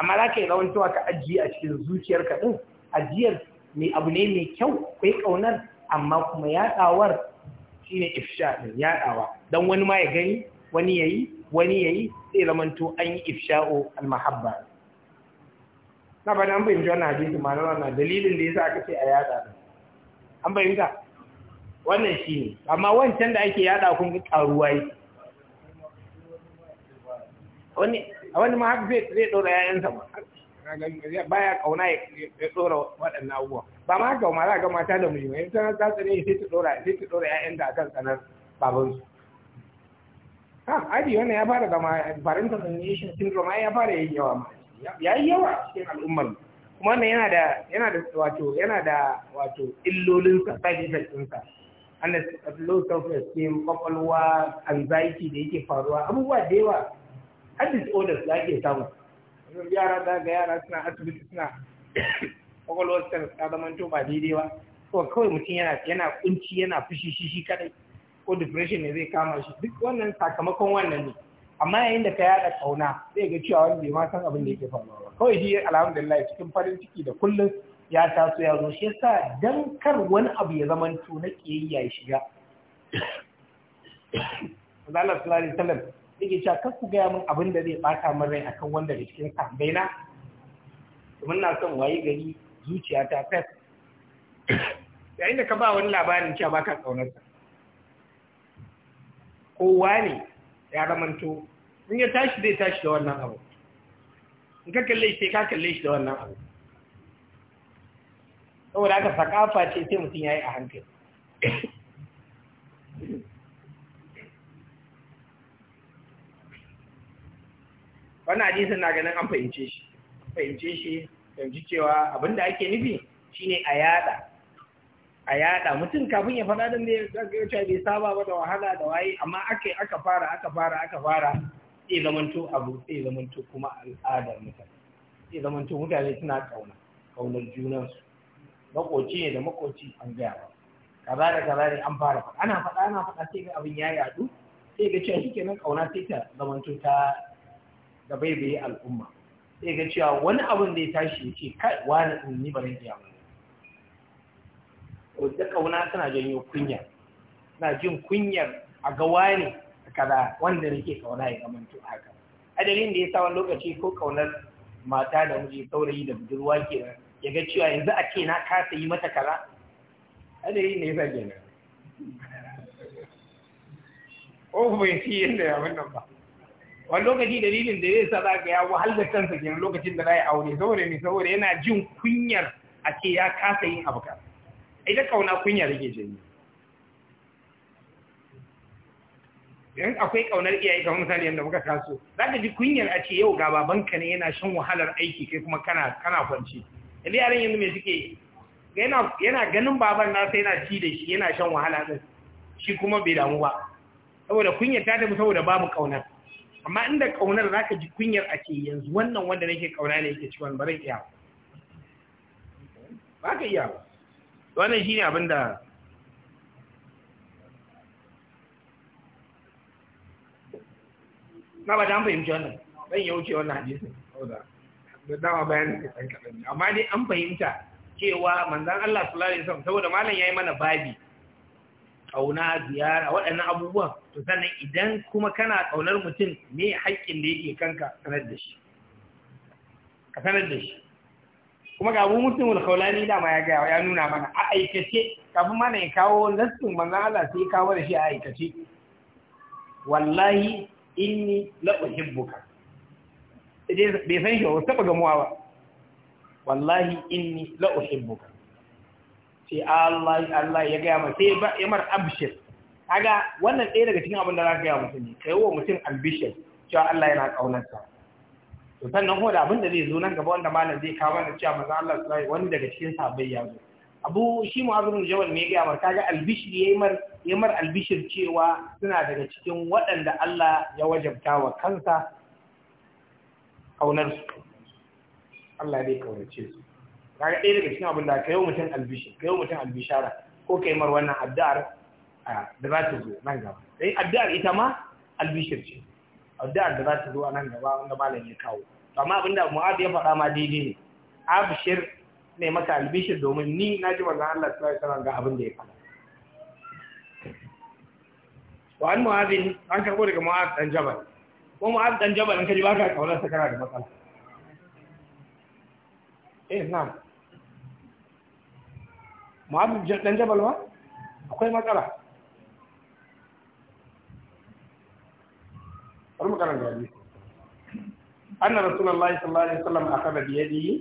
amma za ka yi rawantuwa ka ajiye a cikin zuciyarka din ajiyar mai abu ne mai kyau kai kaunar amma kuma yaɗawar shi ne ifsha ɗin yaɗawa don wani ma ya gani wani ya yi wani ya yi sai zamanto an yi ifsha'o almahabba na ba an fahimci wannan hadisi ma na dalilin da ya sa aka ce a yaɗa ɗin an bayyanta wannan shi ne amma wancan da ake yaɗa kun ga ƙaruwa yi wani a wani ma haka zai ɗora 'ya'yansa ba. baya kauna ya ɗora waɗannan abubuwa ba ma haka ma za ga mata da miji yi tana ta tsare sai ta dora sai ta dora ƴaƴan da kan tsanar baban su ha adi wanda ya fara zama parental alienation syndrome ya fara yin yawa ma ya yi yawa cikin al'ummar kuma wannan yana da yana da wato yana da wato illolin sa side effects din sa ana low self esteem kwakwalwa anxiety da yake faruwa abubuwa da yawa har disorders da ake samu yara za ga yara suna asibiti suna kwakwalwar ta ta zama to ba daidai ba to kawai mutum yana yana kunci yana fushi shi shi kadai ko depression ne zai kama shi duk wannan sakamakon wannan ne amma yayin da ka yada kauna zai ga cewa wani bai ma san abin da yake faruwa ba kawai shi alhamdulillah cikin farin ciki da kullum ya taso ya zo shi yasa dan kar wani abu ya zama to na kiyayya ya shiga Allah sallallahu alaihi yake cewa kar ku gaya min abin da zai ɓata min rai akan wanda da cikin sahabbai na domin na son waye gari zuciya ta fes yayin da ka ba wani labarin cewa baka kaunarsa kowa ne ya ramanto in ya tashi zai tashi da wannan abu in ka kalle shi sai ka kalle shi da wannan abu saboda haka sakafa ce sai mutum ya yi a hankali wannan hadisin na ganin an fahimce shi fahimce shi fahimci cewa abin da ake nufi shine a yada a yada mutum kafin ya faɗa din da ya wuce bai saba ba da wahala da waye amma aka aka fara aka fara aka fara sai zamanto abu sai zamanto kuma al'adar mutane sai zamanto mutane suna kauna kaunar junansu makoci ne da makoci an gaya ba kaza da kaza ne an fara faɗa ana faɗa ana faɗa sai ga abin ya yadu sai ga cewa shikenan kauna sai ta zamanto ta da bai bai al'umma sai ga cewa wani abin da ya tashi ya ce kai wani ni ba zan iya ba wadda kauna tana janyo kunya na jin kunyar a ga wani kaza wanda nake kauna ya gamanto haka adalin da ya sa wani lokaci ko kaunar mata da muji saurayi da budurwa ke da, ya ga cewa yanzu a ce na kasa yi mata kaza adalin da ya sa nan ko bai fi yadda ya wannan ba wani lokaci dalilin da zai sa za ka ya wahal da kansa kenan lokacin da za aure saboda mai saboda yana jin kunyar a ce ya kasa yin abu kaza ita kauna kunya da ke jini yan akwai kaunar iyaye kamar misali yadda muka taso za ka ji kunyar a ce yau ga babanka ne yana shan wahalar aiki kai kuma kana kana kwanci yanzu yaran yanzu me suke yana ganin baban nasa yana ci da shi yana shan wahala din shi kuma bai damu ba saboda kunyar ta tafi saboda babu kaunar amma inda kaunar zaka ji kunyar a ce yanzu wannan wanda nake kauna ne yake ciwon baran iya ba ka iya ba wannan shine abin da na ba dan bayin fahimci wannan zan yi wuce wannan hadisin da dama bayanin da ɗan kaɗan amma dai an fahimta cewa manzan Allah sallallahu alaihi wasallam saboda malam yayi mana babi ƙauna ziyara waɗannan abubuwan to sannan idan kuma kana ƙaunar mutum me haƙƙin da yake kanka sanar da shi ka sanar da shi kuma ga abu mutum al dama ma ya gaya ya nuna mana a aikace kafin mana ya kawo nassin manzon Allah sai ya kawo da shi a aikace wallahi inni la uhibbuka bai san shi ba taba gamuwa ba wallahi inni la uhibbuka sai Allah Allah ya gaya masa sai ba imar abshir kaga wannan ɗaya daga cikin abin da zaka gaya mutum ne kai wa mutum ambition cewa Allah yana kaunarsa to sannan kuma da abin da zai zo nan gaba wanda malam zai kawo mana cewa manzo Allah sai alaihi wani daga cikin sabai ya zo abu shi mu'azirun jawal ne ya gaya mar kaga albishir yayi mar yayi mar albishir cewa suna daga cikin waɗanda Allah ya wajabta wa kansa kaunar Allah zai kaunace su kaga ɗaya daga cikin abin da ka yi mutum albishi ka yi mutum albishara ko ka yi mar wannan addu'ar da za ta zo nan gaba sai addu'ar ita ma albishir ce addu'ar da za ta zo a nan gaba wanda malam ya kawo amma abin da mu'ad ya faɗa ma daidai ne abishir ne maka albishir domin ni na ji manzon Allah sallallahu alaihi wasallam ga abin da ya faɗa wa an mu'adin an karɓo daga mu'ad dan jabal ko mu'ad dan jabal in ka ji baka kaunar sa kana da matsala eh na'am mu'adu ɗan jabal ma akwai matsala bari mu karanta wani anna rasulullahi sallallahu alaihi wasallam akaba bi yadihi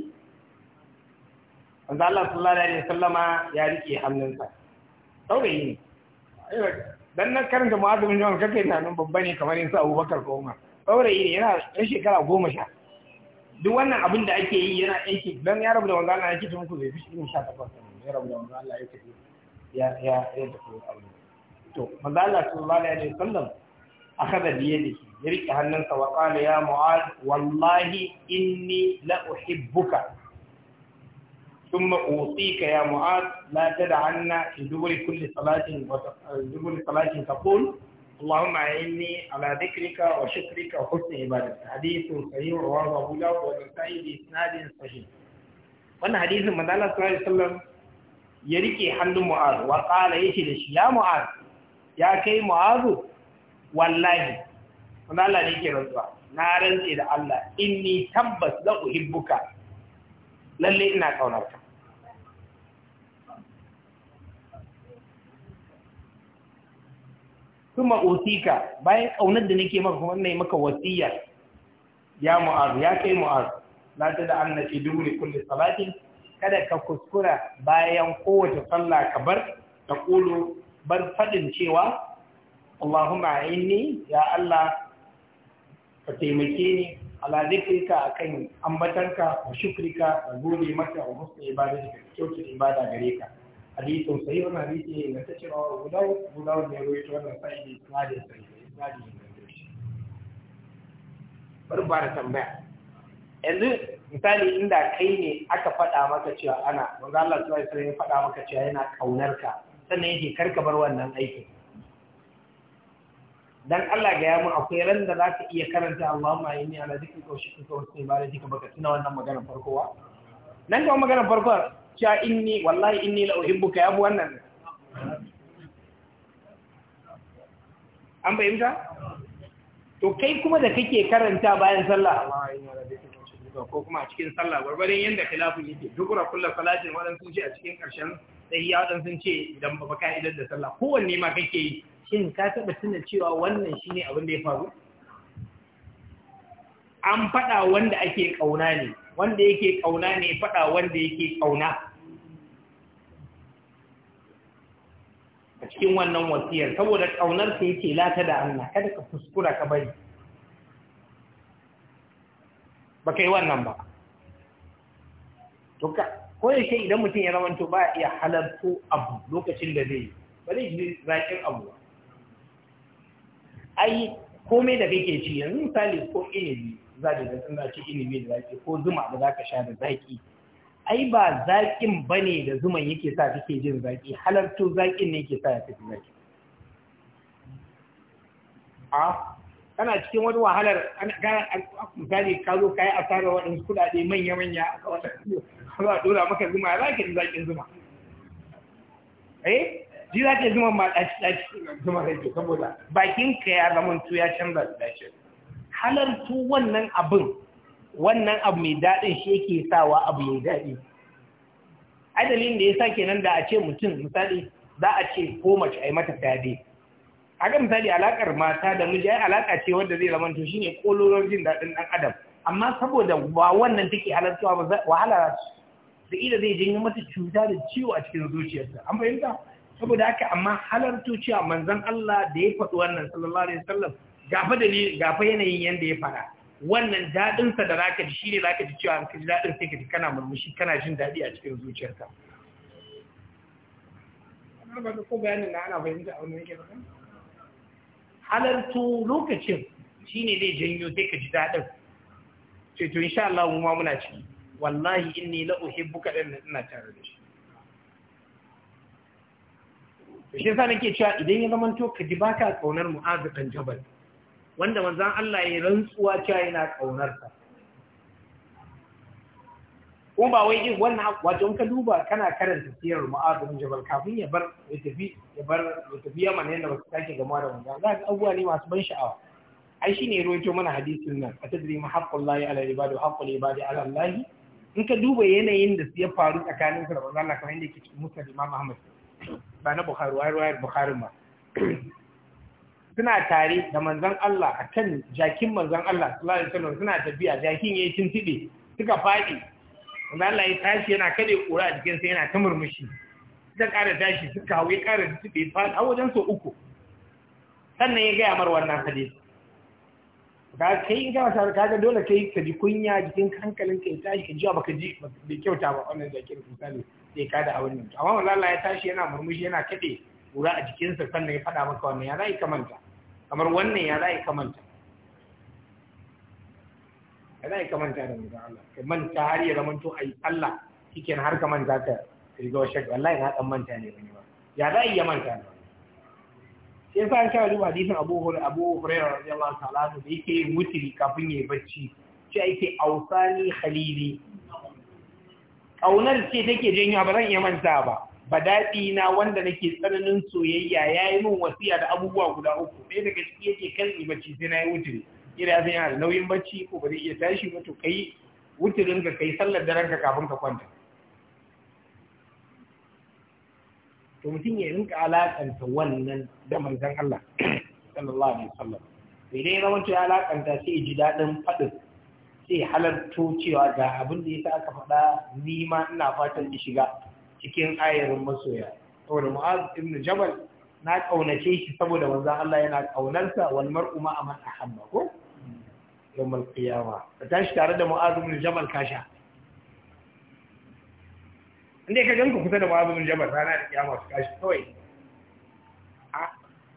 manzo Allah sallallahu alaihi ma ya rike hannunsa saurayi ne dan nan karanta mu'adu bin jabal kake tunanin babba ne kamar yin su Abubakar ko Umar saurayi ne yana ɗan shekara goma sha duk wannan abin da ake yi yana aiki don ya rabu da wanzana ya ke tun ku zai fi shi sha takwas ya rabu da manzo Allah ya tafi ya ya ya tafi aure to manzo Allah sallallahu alaihi wasallam akhadha bi yadihi ya rike hannunsa wa qala ya mu'ad wallahi inni la uhibbuka thumma uqika ya mu'ad la tad'anna fi dubri kulli salatin wa dubri salatin taqul اللهم أعني على ذكرك وشكرك وحسن عبادتك حديث صحيح رواه أبو داود والنسائي بإسناد صحيح وأن حديث من الله صلى الله عليه وسلم ya rike hannun mu'azu wa kala yake da shi ya mu'azu ya kai mu'azu wallahi wanda Allah ne ke rantsuwa na rantse da Allah inni tabbas ku uhibbuka lalle ina kaunar ka kuma usika bayan kaunar da nake maka kuma nayi maka wasiya ya mu'azu ya kai mu'azu la ta da fi duri kulli salatin kada ka kuskura bayan kowace sallah ka bar ta ƙulu bar faɗin cewa Allahumma inni ya Allah ka taimake ni ala zikrika akan ambatanka wa shukrika wa gode maka wa ibada ibadatika kyautu ibada gare ka hadisin sahih wannan hadisi ne ta cewa Abu Dawud Abu Dawud ne rawaito wannan sahihi isnadin sahihi isnadin bari ba da tambaya yanzu misali inda kai ne aka faɗa maka cewa ana manzo Allah sallallahu alaihi ya faɗa maka cewa yana kaunar ka sannan yake karka bar wannan aikin dan Allah ga ya mu akwai ran da zaka iya karanta Allahumma inni ala zikrika wa shukrika wa husni ibadatika baka tuna wannan magana farkowa nan ga magana farko cewa inni wallahi inni la uhibbuka ya bu wannan an fahimta to kai kuma da kake karanta bayan sallah Allahumma inni ala zikrika ko kuma a cikin sallah gwargwadon yadda khilafin yake duk da kullu salatin wadan sun ce a cikin karshen yi wadan sun ce idan ba ka idar da sallah kowanne ma kake yi shin ka taba tuna cewa wannan shine abin da ya faru an fada wanda ake kauna ne wanda yake kauna ne fada wanda yake kauna a cikin wannan wasiyar saboda kaunar ta yake lata da Allah kada ka fuskura ka bari ba ka yi wannan ba to koyaushe idan mutum ya rawanto ba iya halarto abu lokacin da zai ba zai zaƙin abu ba ai komai da kake ci yanzu misali ko inibi za da zan za ci inibi da zaƙi, ko zuma da zaka sha da zaki ai ba zakin bane da zuman yake sa kake jin zaƙi, halarto zakin ne yake sa ya fi zaki a kana cikin wani wahalar misali ka zo ka yi asarar waɗansu kudade manya-manya a waɗansu a ɗora maka zuma ya zaki zaƙin zuma eh ji zaƙin zuma ma ɗaci-ɗaci zuma da ke saboda bakin ka ya zama tu ya canza da halar halartu wannan abin wannan abu mai daɗin shi yake sawa abu mai daɗi adalin da ya sa kenan da a ce mutum misali za a ce ko mace a yi mata fyaɗe a ga misali alakar mata da miji ai alaka ce wanda zai to shine kololon jin daɗin ɗan adam amma saboda ba wannan take halartuwa ba wahala da ila zai jinya mata cuta da ciwo a cikin zuciyarsa an fahimta saboda haka amma halartu cewa manzon Allah da ya faɗi wannan sallallahu alaihi wasallam gafa dalili gafa yanayin yanda ya faɗa wannan dadin sa da zaka ji shine zaka ji cewa ka ji dadin sai ka ji kana murmushi kana jin daɗi a cikin zuciyarka. ba ko bayanin ana fahimta a wannan yake ba? halartu lokacin shi ne zai janyo sai ka ji daɗin ceto in sha Allah mu ma muna ciki wallahi in inni buka ɗin na ina tare da shi da shi yasa nake cewa idan ya zama to ka ji baka ka ƙaunar mu'azikan jabal wanda manzon Allah ya rantsuwa cewa yana ƙaunarsa kuma ba wai irin wannan wato in ka duba kana karanta sirar mu'adun jabal kafin ya bar ya tafi ya bar ya tafi yaman yadda ba sake gama da wanda za ga abubuwa ne masu ban sha'awa ai shine ruwaito mana hadisin nan a tadri ma haqqullahi ala ibadi haqqul ibadi ala allahi in ka duba yanayin da ya faru tsakanin su da manzo Allah kamar inda yake cikin Musa Imam Ahmad ba na Bukhari wa ruwayar Bukhari ba suna tare da manzon Allah akan jakin manzon Allah sallallahu alaihi wasallam suna tafiya jakin yayi tintibe suka fadi wanda Allah ya tashi yana kade kura a jikinsa yana ta murmushi suka ƙara tashi suka hau ya ƙara da tuɓe fa a wajen so uku sannan ya gaya mar wannan hadisi ka kai in gama ka ga dole kai ka ji kunya jikin hankalin ka ya tashi ka ji baka ji bai kyauta ba wannan jakin misali sai ka da a wannan amma wallahi Allah ya tashi yana murmushi yana kade kura a jikinsa sannan ya fada maka wannan ya zai kamanta kamar wannan ya zai kamanta ka za ka manta da manzon Allah ka manta har ya to ai Allah na har ka manta ka riga wa shakka wallahi na dan manta ne bane ba ya za iya manta ne sai yasa an kawo duba hadisin Abu Hurairah Abu Hurairah radiyallahu ta'ala da yake yin wutiri kafin yayi bacci ce ake ausani khalili kaunar ce take janyo ba zan iya manta ba ba daɗi na wanda nake tsananin soyayya ya yi min wasiya da abubuwa guda uku ɗaya daga ciki yake kan bacci sai na yi wuce kila ya yana da nauyin bacci ko ba zai iya tashi ba to kai wutirin ka kai sallar daren ka kafin ka kwanta to mutum ya rinka alakanta wannan da manzon Allah sallallahu alaihi wasallam idan ya zama ya alakanta sai ji daɗin faɗin sai halarto cewa ga abin da yasa aka faɗa ni ma ina fatan in shiga cikin ayarin masoya saboda Mu'az ibn Jabal na kaunace shi saboda manzon Allah yana kaunarsa wal mar'u ma man ahabba ko yawmal qiyama ka tashi tare da ma'azumin ibn jabal kasha inda ka ganku kusa da ma'azumin ibn jabal rana da kiyama su kashi kawai a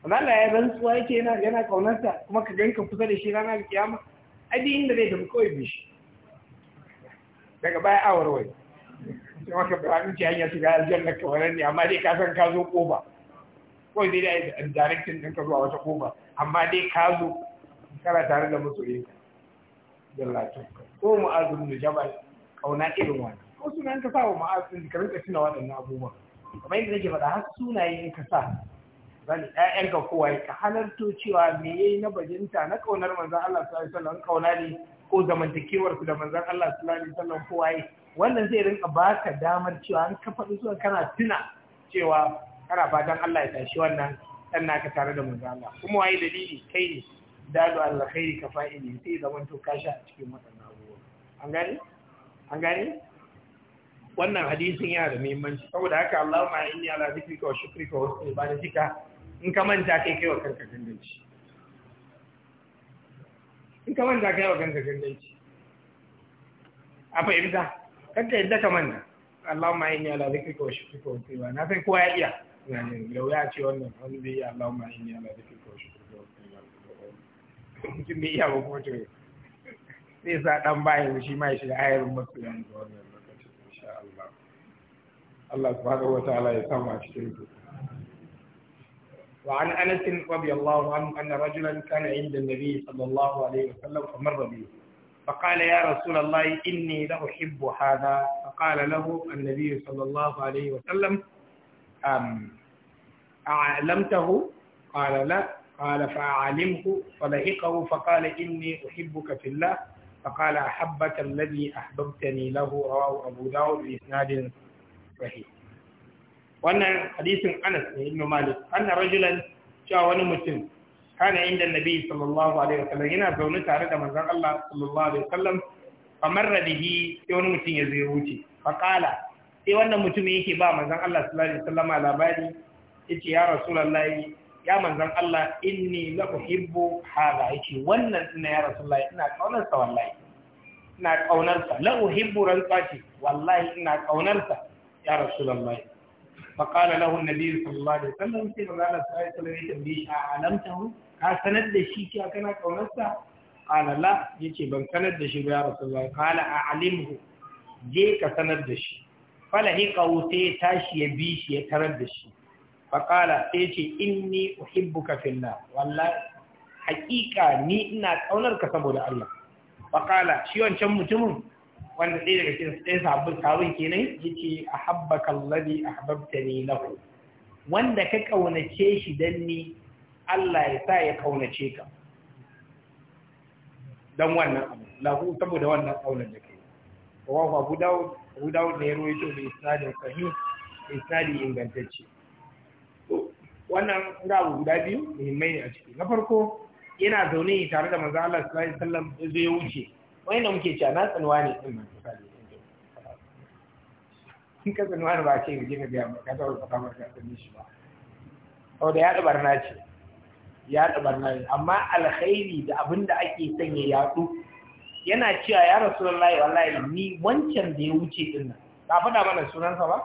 Allah ya rantsuwa yake yana yana kaunarsa kuma ka ganka kusa da shi rana da kiyama ai duk inda zai tafi kawai bi shi daga baya awarwai sai maka bayanin ci hanya shiga aljanna kamar ne amma dai ka san ka zo koba kawai dai da ka zo zuwa wata koba amma dai ka zo kana tare da masoyinka jallatu ko mu'azu bin jabal kauna irin wani ko sunan ka sa wa mu'azu din ka rinka tuna waɗannan abubuwan kamar yadda nake faɗa har sunaye in ka sa zan ɗayan ka kowa ka halarto cewa me yayi na bajinta na kaunar manzon Allah sallallahu alaihi wasallam kauna ne ko zamantakewar su da manzon Allah sallallahu alaihi wasallam kowa wannan zai rinka baka damar cewa an ka faɗi suwa kana tuna cewa kana fatan Allah ya tashi wannan ɗan naka tare da manzon Allah kuma waye dalili kai ne dalu alkhairi ka fa'ili sai zaman to ka sha a cikin waɗannan abubuwa an gani an gani wannan hadisin yana da muhimmanci saboda haka Allahumma inni ala zikrika wa shukrika wa husni ibadatika in ka manta kai kai wa kanka ganganci in ka manta kai wa kanka ganganci a fahimta kanka yadda ka manta Allahumma inni ala zikrika wa shukrika wa husni ibadatika na san kowa ya iya yana da wuya ce wannan wani zai yi Allahumma inni ala zikrika wa shukrika mutum bai iya ba kuma to zai sa dan bayan shi ma ya shiga ayarin masu yan wannan lokacin insha Allah Allah subhanahu wa ta'ala ya samu a cikin su وعن انس رضي الله عنه ان رجلا inda عند sallallahu alaihi wa sallam وسلم فمر به فقال يا رسول الله إني لأحب هذا فقال له النبي صلى الله عليه وسلم أعلمته قال لا قال فأعلمه فلحقه فقال إني أحبك في الله فقال أحبك الذي أحببتني له رواه أبو داود بإسناد صحيح وأن حديث أنس بن مالك أن رجلا جاء مسلم كان عند النبي صلى الله عليه وسلم هنا زون تعرض من الله صلى الله عليه وسلم فمر به يوم مسلم يزيروتي فقال sai wannan mutum yake ba manzon Allah sallallahu alaihi wasallam labari yace ya rasulullahi ya manzan Allah inni la uhibbu hadha yace wannan ina ya rasulullahi ina kaunar sa wallahi ina kaunar sa la uhibbu ranqati wallahi ina kaunar sa ya rasulullahi fa qala lahu an-nabi sallallahu alaihi wasallam sai manzan Allah sallallahu alaihi wasallam ya tambaye shi alamtahu ka sanar da shi cewa kana kaunar sa qala la yace ban sanar da shi ba ya rasulullahi qala a'limhu je ka sanar da shi falahi qawte tashi ya bi shi ya tarar da shi faƙala sai ce inni uhibbuka fillah wallahi haƙiƙa ni ina ƙaunar ka saboda Allah faƙala shi wancan mutumin wanda ɗaya daga cikin ɗaya sabbin sabon kenan yace ahabbaka alladhi ahbabtani lahu wanda ka ƙaunace shi dan ni Allah ya sa ya ƙaunace ka don wannan abu lahu saboda wannan kaunar da kai wa Abu Dawud da Dawud ne ya rawaito da isnadin sahih isnadi ingantacce wannan ga abu guda biyu muhimmai ne a ciki na farko yana zaune tare da manzo Allah sallallahu alaihi wasallam zai ya wuce na muke cewa na tsanuwa ne din nan in ka tsanuwa ba ce ga jika ga ka ta ka kamar ka tsani shi ba to da ya da barna ce ya dabar na amma alkhairi da abin da ake sanya yadu yana cewa ya rasulullahi wallahi ni wancan da ya wuce din nan ka faɗa mana sunansa ba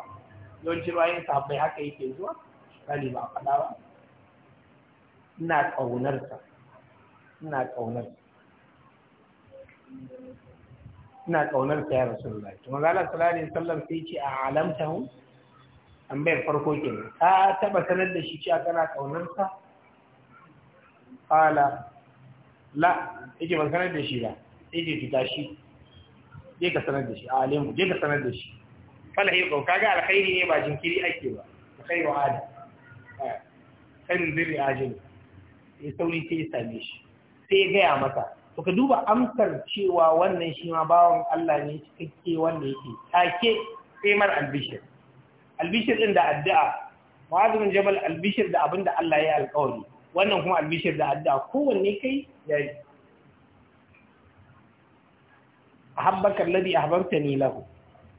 yawancin wayin sahabbai haka yake zuwa misali ba a faɗa ba ina ƙaunarsa ina ƙaunarsa ina ƙaunar ta ya rasulullahi to maza Allah sallallahu alaihi wasallam sai ce a alamtahu bayar farko ke ne a taba sanar da shi cewa kana ƙaunar sa qala la yake ban sanar da shi ba yake fita shi je ka sanar da shi a alimu je ka sanar da shi fala yi eh, ko kaga alkhairi ne ba jinkiri ake ba alkhairi wa adam karin birri ajin ya sauri sai ya same shi sai ya gaya masa to ka duba amsar cewa wannan shi ma bawan Allah ne cikakke wanda yake take sai mar albishir albishir din da addu'a mu'azzim jabal albishir da abinda Allah ya alƙawari wannan kuma albishir da addu'a kowanne kai yayi ahabbaka alladhi ahbabtani lahu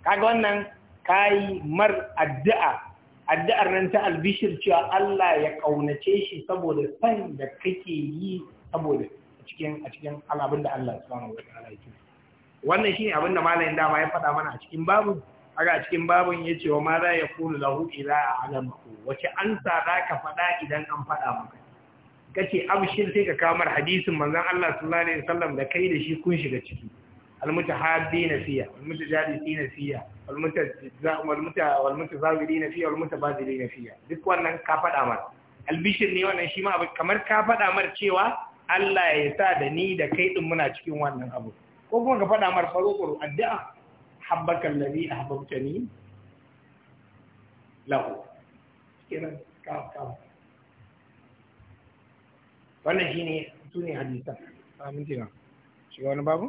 kaga wannan kai mar addu'a addu'ar nan ta albishir cewa Allah ya ƙaunace shi saboda san da kake yi saboda cikin a cikin alabin da Allah subhanahu wa ta'ala yake wannan shine abin da malamin dama ya faɗa mana a cikin babu haka a cikin babun yace wa maza ya kulu lahu ila alamaku wace an za ka faɗa idan an faɗa maka kace abshir sai ka kawo mar hadisin manzon Allah sallallahu alaihi wasallam da kai da shi kun shiga ciki المتحابين فيها والمتجالسين فيها والمتزاورين فيها والمتبادلين فيها duk wannan ka faɗa mar albishir ne wannan shi ma abu kamar ka faɗa mar cewa Allah ya sa da ni da kai din muna cikin wannan abu ko kuma ka faɗa mar faruqul addu'a habbaka allazi ahbabtani lahu kenan ka ka wannan shine sune hadisan amintina shiga wani babu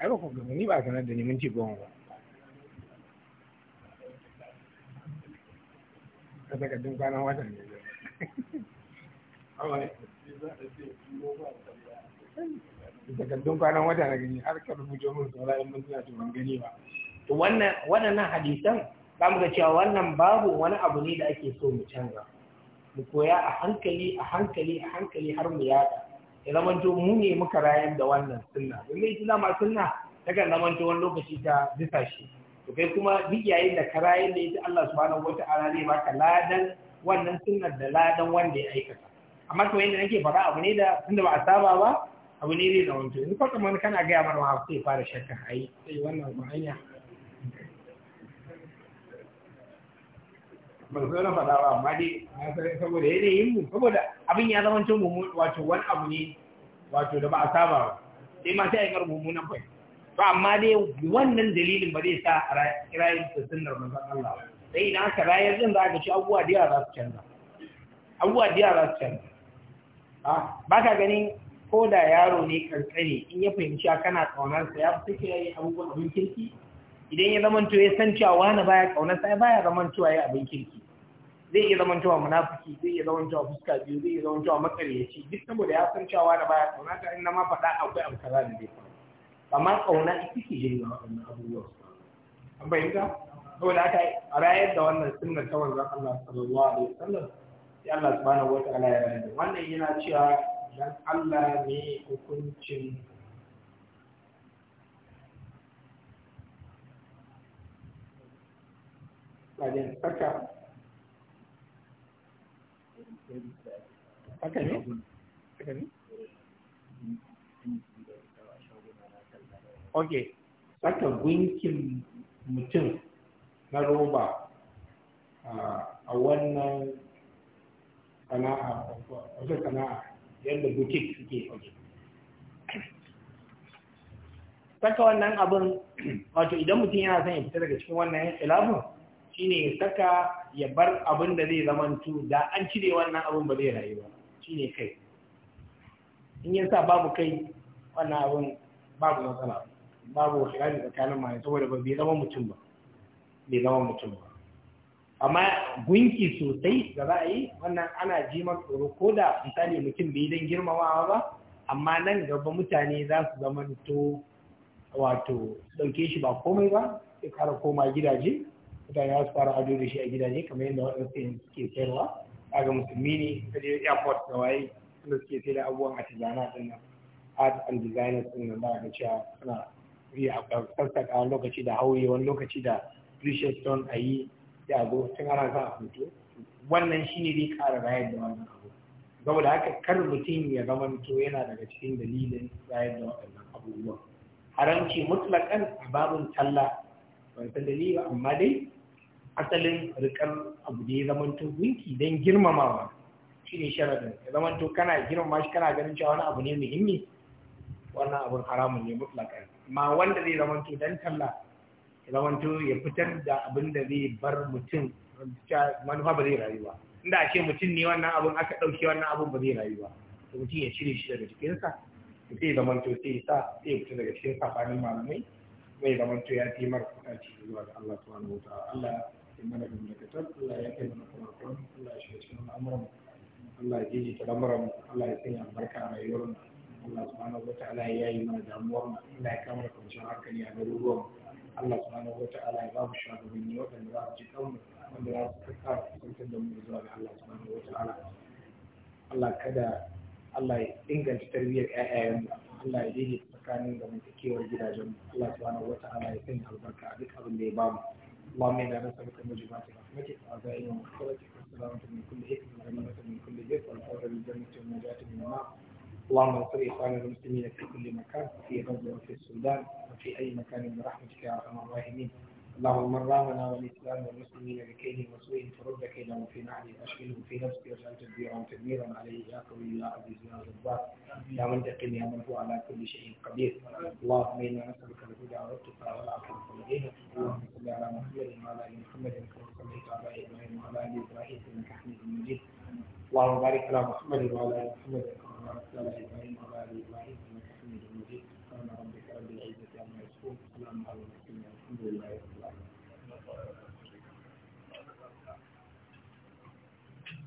ai ba ku ni ba sanar da ni minti goma ba ka takardun kwanan watan ne takardun kwanan wata na gani har ka rubuto min saura in mun tuna ban gani ba to wannan waɗannan hadisan ba mu ga cewa wannan babu wani abu ne da ake so mu canza mu koya a hankali a hankali a hankali har mu yada ya zamanto mu ne muka rayan da wannan sunna domin ita dama sunna takan zamanto wani lokaci ta bisa shi to kai kuma duk yayin da ka rayan da ita Allah subhanahu ta'ala zai baka ladan wannan sunnar da ladan wanda ya aikata amma to yanda nake faɗa abu ne da tunda ba a saba ba abu ne zai zamanto yanzu fa kamar kana gaya mana wa sai fara shakka ai sai wannan ba hanya ba su na faɗa ba amma dai saboda yanayin mu saboda abin ya zama cin mummu wato wani abu ne wato da ba a saba ba sai ma sai a yi kar mummunan fai to amma dai wannan dalilin ba zai sa a kirayin su sunnar manzon Allah sai idan aka rayar din za ka ci abubuwa da yawa za su canza abubuwa da yawa za su canza ba ka ganin ko da yaro ne kankane in ya fahimci kana ƙaunarsa ya fi suke abubuwan abin kirki idan ya zama ya san cewa wani baya kaunar sai baya cewa ya abin kirki zai iya cewa munafiki zai iya cewa fuska biyu zai iya cewa makaryaci duk saboda ya san cewa wani baya kauna ta inda ma faɗa akwai abu kaza da zai faru amma kauna ita ke jin ga wannan abubuwa an bayyana saboda aka rayar da wannan sunnar ta wanzan Allah sallallahu alaihi wasallam sai Allah subhanahu wataala ya rayar da wannan yana cewa dan Allah ne hukuncin wajen saka haka ne? haka ne? ok saka gunkin mutum na roba a wannan sana'a wata sana'a yadda butik suke ok saka wannan abin wato idan mutum yana son ya fita daga cikin wannan ilabun shine ya saka ya bar abin da zai zamantu da an cire wannan abin ba zai rayu ba shine kai in ya sa babu kai wannan abin babu matsala babu shirari tsakanin mai saboda ba bai zama mutum ba bai zama mutum ba amma gunki sosai da za a yi wannan ana ji tsoro ko da misali mutum bai don girmamawa ba amma nan gaba mutane za su zama to wato ɗauke shi ba komai ba sai kara koma gidaje mutane za su fara ado da shi a gidaje kamar yadda waɗansu yanzu suke sayarwa ga musulmi ne ta je airport da waye suna suke sai da abubuwan a tijana din nan art and designers din nan ba ga cewa suna riya a sassaka wani lokaci da hauye wani lokaci da precious stone a yi da abu tun ana sa a hoto wannan shi ne zai ƙara rayar da wannan abu saboda haka kar mutum ya zama to yana daga cikin dalilin rayar da waɗannan abubuwan haramci mutlaƙan a babin talla ban san dalili amma dai asalin rikan abu da ya zamanto gunki don girmamawa shi ne sharaɗin ya zamanto kana girmama shi kana ganin cewa wani abu ne muhimmi wannan abun haramun ne mutlaka ma wanda zai zamanto dan talla ya zamanto ya fitar da abin da zai bar mutum manufa ba zai rayu ba inda a ce mutum ne wannan abun aka ɗauke wannan abun ba zai rayu ba to mutum ya cire shi daga jikinsa zai zamanto sai sa sai ya fita daga cikin safanin malamai mai zamanto ya kuɗa cikin zuwa ga Allah subhanahu wa ta'ala Allah ke mana da mulkatar Allah ya kai mana kurakuran Allah ya shiga cikin al'amuran Allah ya jiji al'amuran Allah ya sanya albarka a rayuwar mu Allah subhanahu wa ta'ala ya yi mana damuwar mu Allah ya kama kwanciyar hankali a garuruwan Allah subhanahu wa ta'ala ya ba mu shugabanni waɗanda za su ji kanmu wanda za su kaka kusantar da mu zuwa ga Allah subhanahu wa ta'ala Allah kada inganta tarbiyyar Allah ya tsakanin zamantakewar gidajenmu Allah subhanahu wa ta'ala ya sanya albarka a duk abin da ya bamu اللهم إنا نسألك ان موجبات رحمتك وعزائنا ومغفرتك والسلامة من كل إثم والغنيمة من كل جد والفوز بالجنة والنجاة من النار اللهم انصر إخواننا المسلمين في كل مكان في غزة وفي السودان وفي أي مكان برحمتك يا أرحم الراحمين اللهم من راونا والاسلام والمسلمين بكيد وسوء فرد كيدهم في نعلي اشغله في نفسي واجعل تدبيرا تدميرا عليه يا قوي يا عزيز يا جبار يا منتقم يا من هو على كل شيء قدير اللهم انا نسالك الهدى والتقى والعفو والغنى اللهم صل على محمد وعلى ال محمد كما صليت على ابراهيم وعلى ال ابراهيم انك حميد مجيد اللهم بارك على محمد وعلى ال محمد كما باركت على ابراهيم وعلى ال ابراهيم انك حميد مجيد سبحان ربك رب العزه عما يصفون سلام على المسلمين الحمد لله